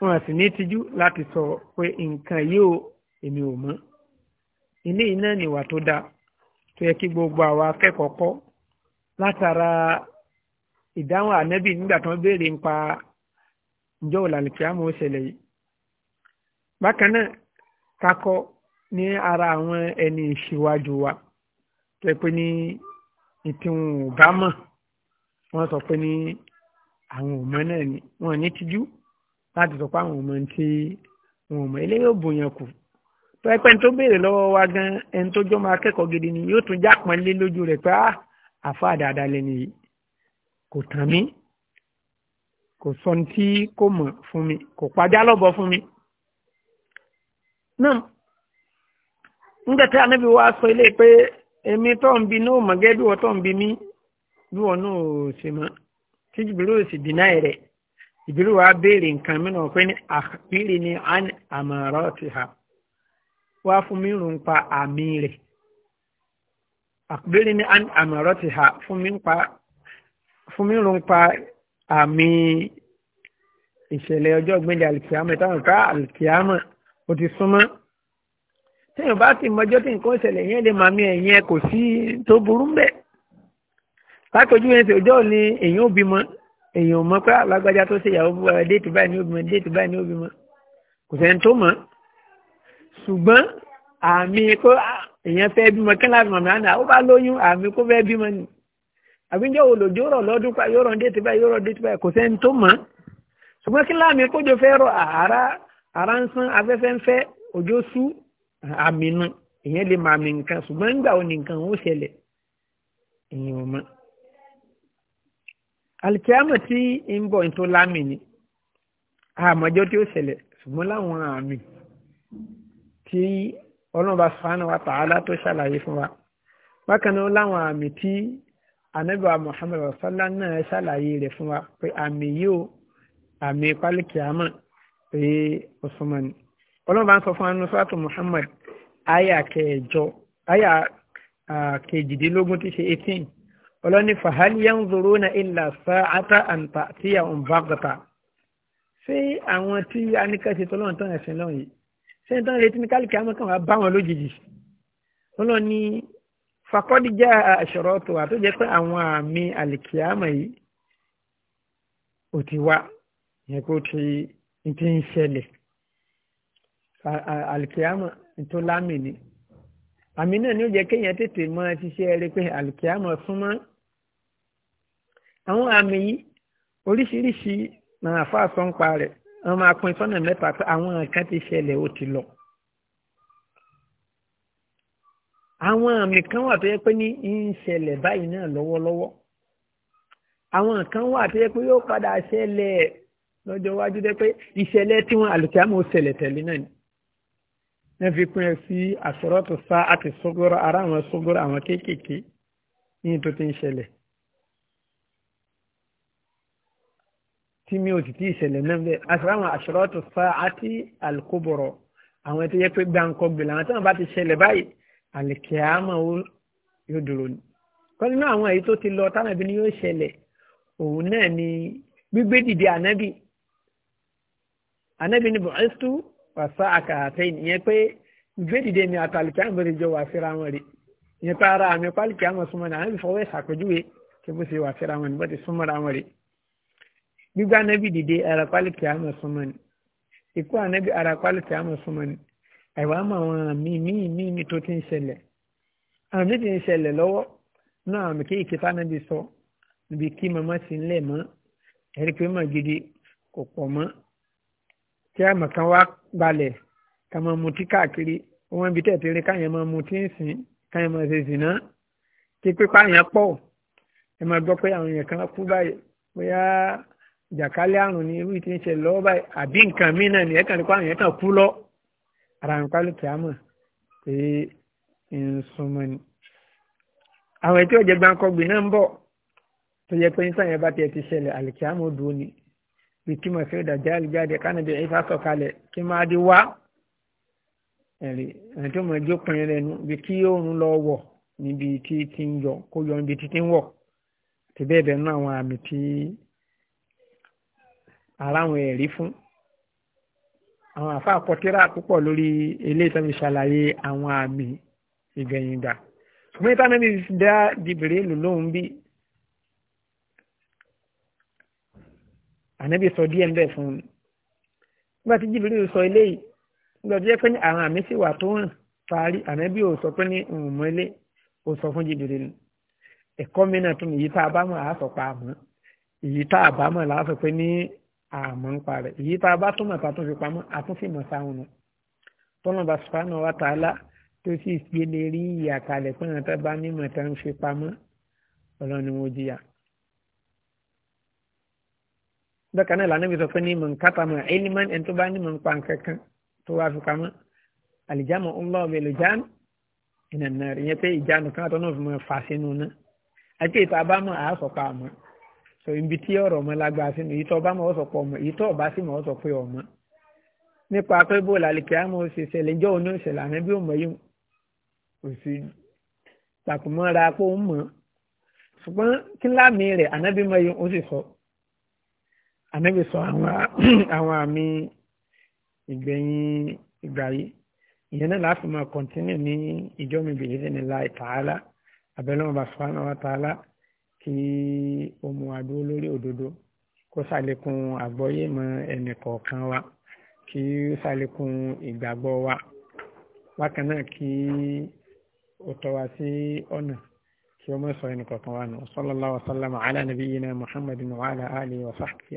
wọn sì ní tijú láti sọ pé nǹkan yóò èmi ò mọ̀ ilé iná wà tó dáa tó yẹ kí gbogbo àwa akẹ́kọ̀ọ́ kọ́ látara ìdáhùn ànẹ́bì nígbà tó ń béèrè nípa ǹjọ́ òlànà kíámù ó ṣẹlẹ̀ yìí bákan náà kakọ ní ara àwọn ẹni ìṣíwájú wa tó yẹ pé ní ìtìwọ̀n ò bá mọ̀ wọ́n sọ pé ní àwọn ọmọ náà ni wọn ní tijú láti sọ pé àwọn ọmọ ti wọn ọmọ ilé yóò bòyàn kù pẹpẹ tó béèrè lọ́wọ́ wa gan ẹni tó jọ máa kẹ́kọ̀ọ́ gidi ni yóò tún jápọn lé lójú rẹ̀ pé ah, àfa dáadáa lẹni yìí kò tàn mí kò sọ ní tí kò mọ̀ fún mi kò padà lọ́bọ̀ fún mi. náà nígbà tí wa sọ ilé pé èmi tó ń bi ní òmọ̀gẹ́ bí wọ́n tó ń bi mí bí wọ́n náà ò ṣe mọ́ tí jìbìrì ò sì dínà rẹ̀ jìbìrì wàá béèrè nǹkan mìíràn pé ní àbírí ni an àmọ̀ràn ti hà wá fún mi rùn pa àmì rẹ̀ àbírí ni an àmọ̀ràn ti hà fún mi rùn pa àmì ìṣẹ̀lẹ̀ ọjọ́ gbẹ̀dẹ̀ alìkìámọ̀ táwọn ká alìkìámọ̀ ó ti súnmọ́ téèyàn bá ti mọjọ́ tí nǹkan ìṣẹ̀lẹ̀ yẹn lè máa mi ẹ̀yìn ẹ kò sí tó burú bẹ́ẹ̀ lákòójú yẹn sì ọjọ́ òní èyàn ò bímọ èyàn ò mọ pé alágbájá tó ṣe ìyàwó búra déètì báyìí ní obìmọ déètì báyìí ní obìmọ kò sẹ́ni tó mọ̀ ṣùgbọ́n àmì kó ah, èyàn fẹ́ bímọ kí láti mọ̀ mìíràn ó bá lóyún àmì kó fẹ́ bímọ ni àbíjọ́ olòjó rọ̀ lọ́dún pa yóò rọ̀ déètì báyìí yóò rọ̀ déètì báyìí kò sẹ́ni tó mọ̀ ṣùgbọ́n kí láàmì kójọ fẹ́ rọ àrá ara ń sán afẹ́fẹ́ ń mọ alikiyama tí ń bọ̀ tó lámì ni àmọ́jọ́ tí ó ṣẹlẹ̀ ṣùgbọ́n láwọn àmì tí ọlọ́ọ̀bá subhanahu wa ta'ala tó ṣàlàyé fún wa bákan náà láwọn àmì tí anábìwá muhammed ọ̀sánlá náà ṣàlàyé rẹ̀ fún wa pé àmì yóò àmì pálíkìámà pé ọ̀sánmọ́ni ọlọ́ọ̀bá ń sọ fún anú muhammed àyà kẹjọ àyà kejìdínlógún tí ṣe eighteen ọlọ́ni fàhálì yanzuruna illa sa'ata an ta'tiyahum baghtata ṣé àwọn tí aníkàṣe tọ́lọ́run tán ẹ̀sìn lọ́run yìí ṣé n tán retí ní kálíkì àwọn kan wàá bá wọn lójijì ọlọ́ni fàkọ́dí jẹ́ àṣọ̀rọ̀ tó wà tó jẹ́ pé àwọn àmì àlìkìyàmọ̀ yìí ò ti wá yẹn kó ti n ti ń ṣẹlẹ̀ àlìkìyàmọ̀ tó lámì ni àmì náà ni ó jẹ́ kéèyàn tètè mọ ṣiṣẹ́ rẹ pé àlìkìyàmọ̀ súnmọ́ àwọn àmì yìí oríṣiríṣi náà àfáàsọ ń pa rẹ̀ wọ́n máa pín sọ́nà mẹ́ta pé àwọn nǹkan ti ṣẹlẹ̀ ó ti lọ. àwọn àmì kan wà tó yẹ pé ní ń ṣẹlẹ̀ báyìí náà lọ́wọ́lọ́wọ́ àwọn nǹkan wà tó yẹ pé yóò padà ṣẹlẹ̀ lọ́jọ́ iwájú dẹ́ pé ìṣẹ̀lẹ̀ tí wọ́n àlùkìyàmọ̀ ṣẹlẹ̀ náà ni wọ́n fi pín ẹ sí àṣọrọ́tò sá àti sógóró ara àwọn sógóró àwọn kéékèèké ní tó ti ń ṣẹlẹ̀ tí mi ò sì tí ì ṣẹlẹ̀ náà bẹ́ẹ̀ àṣìláwọn àṣìrọ́tò fa àti àlùkòbọ̀rọ̀ àwọn ètò yẹ pé gbàǹkọ́ gbèlè àwọn táwọn bá ti ṣẹlẹ̀ báyìí àlìkìámà ó yóò dúró ni. kọ́ nínú àwọn èyí tó ti lọ táwọn ẹbí ni yóò ṣẹlẹ̀ òun náà ni gbígbé dìde ànábì ànábì ni bọ̀ẹ́sítú wàsá àkàtẹ́yìn ìyẹn pé gbígbé dìde ni àtàlìkìámà bó ti jọ wà fẹ́ra wọn rè gbígbá anábì dìde ara pálíkì àmọ̀ súnmọ́ ni ikú anábì ara pálíkì àmọ̀ súnmọ́ ni àìwá mọ̀ àwọn àmì míì míì mi tó ti ń ṣẹlẹ̀ àmì ti ń ṣẹlẹ̀ lọ́wọ́ náà àmì kéèké tánábì sọ níbi kí màmá sí ń lẹ̀ mọ́ ẹ̀rí pé mọ̀ gidi kò pọ̀ mọ́ kí àmọ̀ kan wá balẹ̀ ká máa mutí káàkiri wọn ibi tẹ̀tẹ̀ rí máa mutí ń sìn káyọ̀ máa ṣe zìnà kí pípa yẹn pọ̀ ẹ máa gbọ́ pé àwọn èèyàn kan kú báyìí bóyá ìjàkálẹ̀ àrùn ni irú ìtí ń ṣe lọ́wọ́ báyìí àbí nǹkan míì náà nìyẹn kàn ní kó àrùn yẹn kàn kú lọ ara àrùn pálí kìámọ̀ pé ń súnmọ́ ni. àwọn ètò ìjẹ gbàǹkọ̀gbì náà ń bọ̀ tó yẹ pé ń sàyẹn bá tiẹ̀ ti ṣẹlẹ̀ àlìkìámọ̀ dùn ni bí kí mo fi dàjà àlìjáde kánà bí ẹ̀fà sọ̀kalẹ̀ kí máa di wá ẹ̀rí ẹni tó mọ̀ ẹjọ́ pin rẹ̀ nu bí kí oòrùn lọ wọ̀ níbi tí ti ń ara àwọn ẹ̀rí fún àwọn àfa àkọtírà púpọ̀ lórí eléyìí tó ń ṣàlàyé àwọn àmì ìgbẹ̀yìngbà ṣùgbọ́n ìta náà ti dá dìbìrì lò lóhùn bí ànábì sọ díẹ̀ ńbẹ̀ fún un nígbà tí jìbìrì sọ eléyìí nígbà tó yẹ pé àwọn àmì sì wà tó hàn parí ànábì ò sọ pé ní òun mọ ilé ò sọ fún jìbìrì nù ẹ̀kọ́ mìíràn tún èyí tá a bá mọ̀ àá pa àmọ́ èyí tá a bá mọ̀ làá pé ní àmọ́ ń parẹ̀ èyí tá a bá tún mọ̀ta tó fi pamọ́ àtúnfìmọ̀ sáwọn nù tọ́lọ́ba subhanahu wa ta'ala tó sì gbélé rí ìyàkalẹ̀ pé àwọn tó bá nímọ̀ tó ń fi pamọ́ ọlọ́run ni wọ́n jìyà. bẹ́ẹ̀ kan náà lànà mi sọ fún ní mọ̀ nkátàmọ̀ ẹnìmọ́n ẹni tó bá nímọ̀ ń pa nkankan tó wá fi pamọ́ àlìjámọ̀ ńlọ ọ̀bẹ̀lẹ̀ jáàmù ìnànà ìyẹn pé ìjánu kan àtọ́ náà fi mọ̀ fà sínú náà àti ìta so ibi tí ọ̀rọ̀ ọmọ lágbára sínú èyí tó bá mọ̀ ọ́ sọ pé ọmọ èyí tó bá sì mọ̀ ọ́ sọ pé ọmọ nípa pé bó làlìkẹ́ àmọ́ ṣe ṣẹlẹ̀ ìjọ òní ìṣẹ̀lẹ̀ àmọ́ bí òmọ̀ yìí kò sí tàkùmọ́ra pé ó mọ̀ ṣùgbọ́n kí láàmì rẹ̀ ànábì mọ̀ yìí ó sì sọ ànábì sọ àwọn àmì ìgbẹ̀yìn ìgbà yìí ìyẹn náà láàfin máa kọ̀ntínú ní ìjọ mi bìí ní láì tààlà àbẹ̀lẹ́ wọn bá sọ tí ó mú wa dúró lórí òdodo kó ṣàlékún àgbọ́yé mọ́ ẹnì kọ̀ọ̀kan wa kí ó ṣàlékún ìgbàgbọ́ wa bákan náà kí ó tọ́ wa sí ọ̀nà kí ó mọ̀ sọ ẹnì kọ̀ọ̀kan wa nù sallallahu wa sallama ala nabiyyina muhammadin wa ala alihi wa sahbihi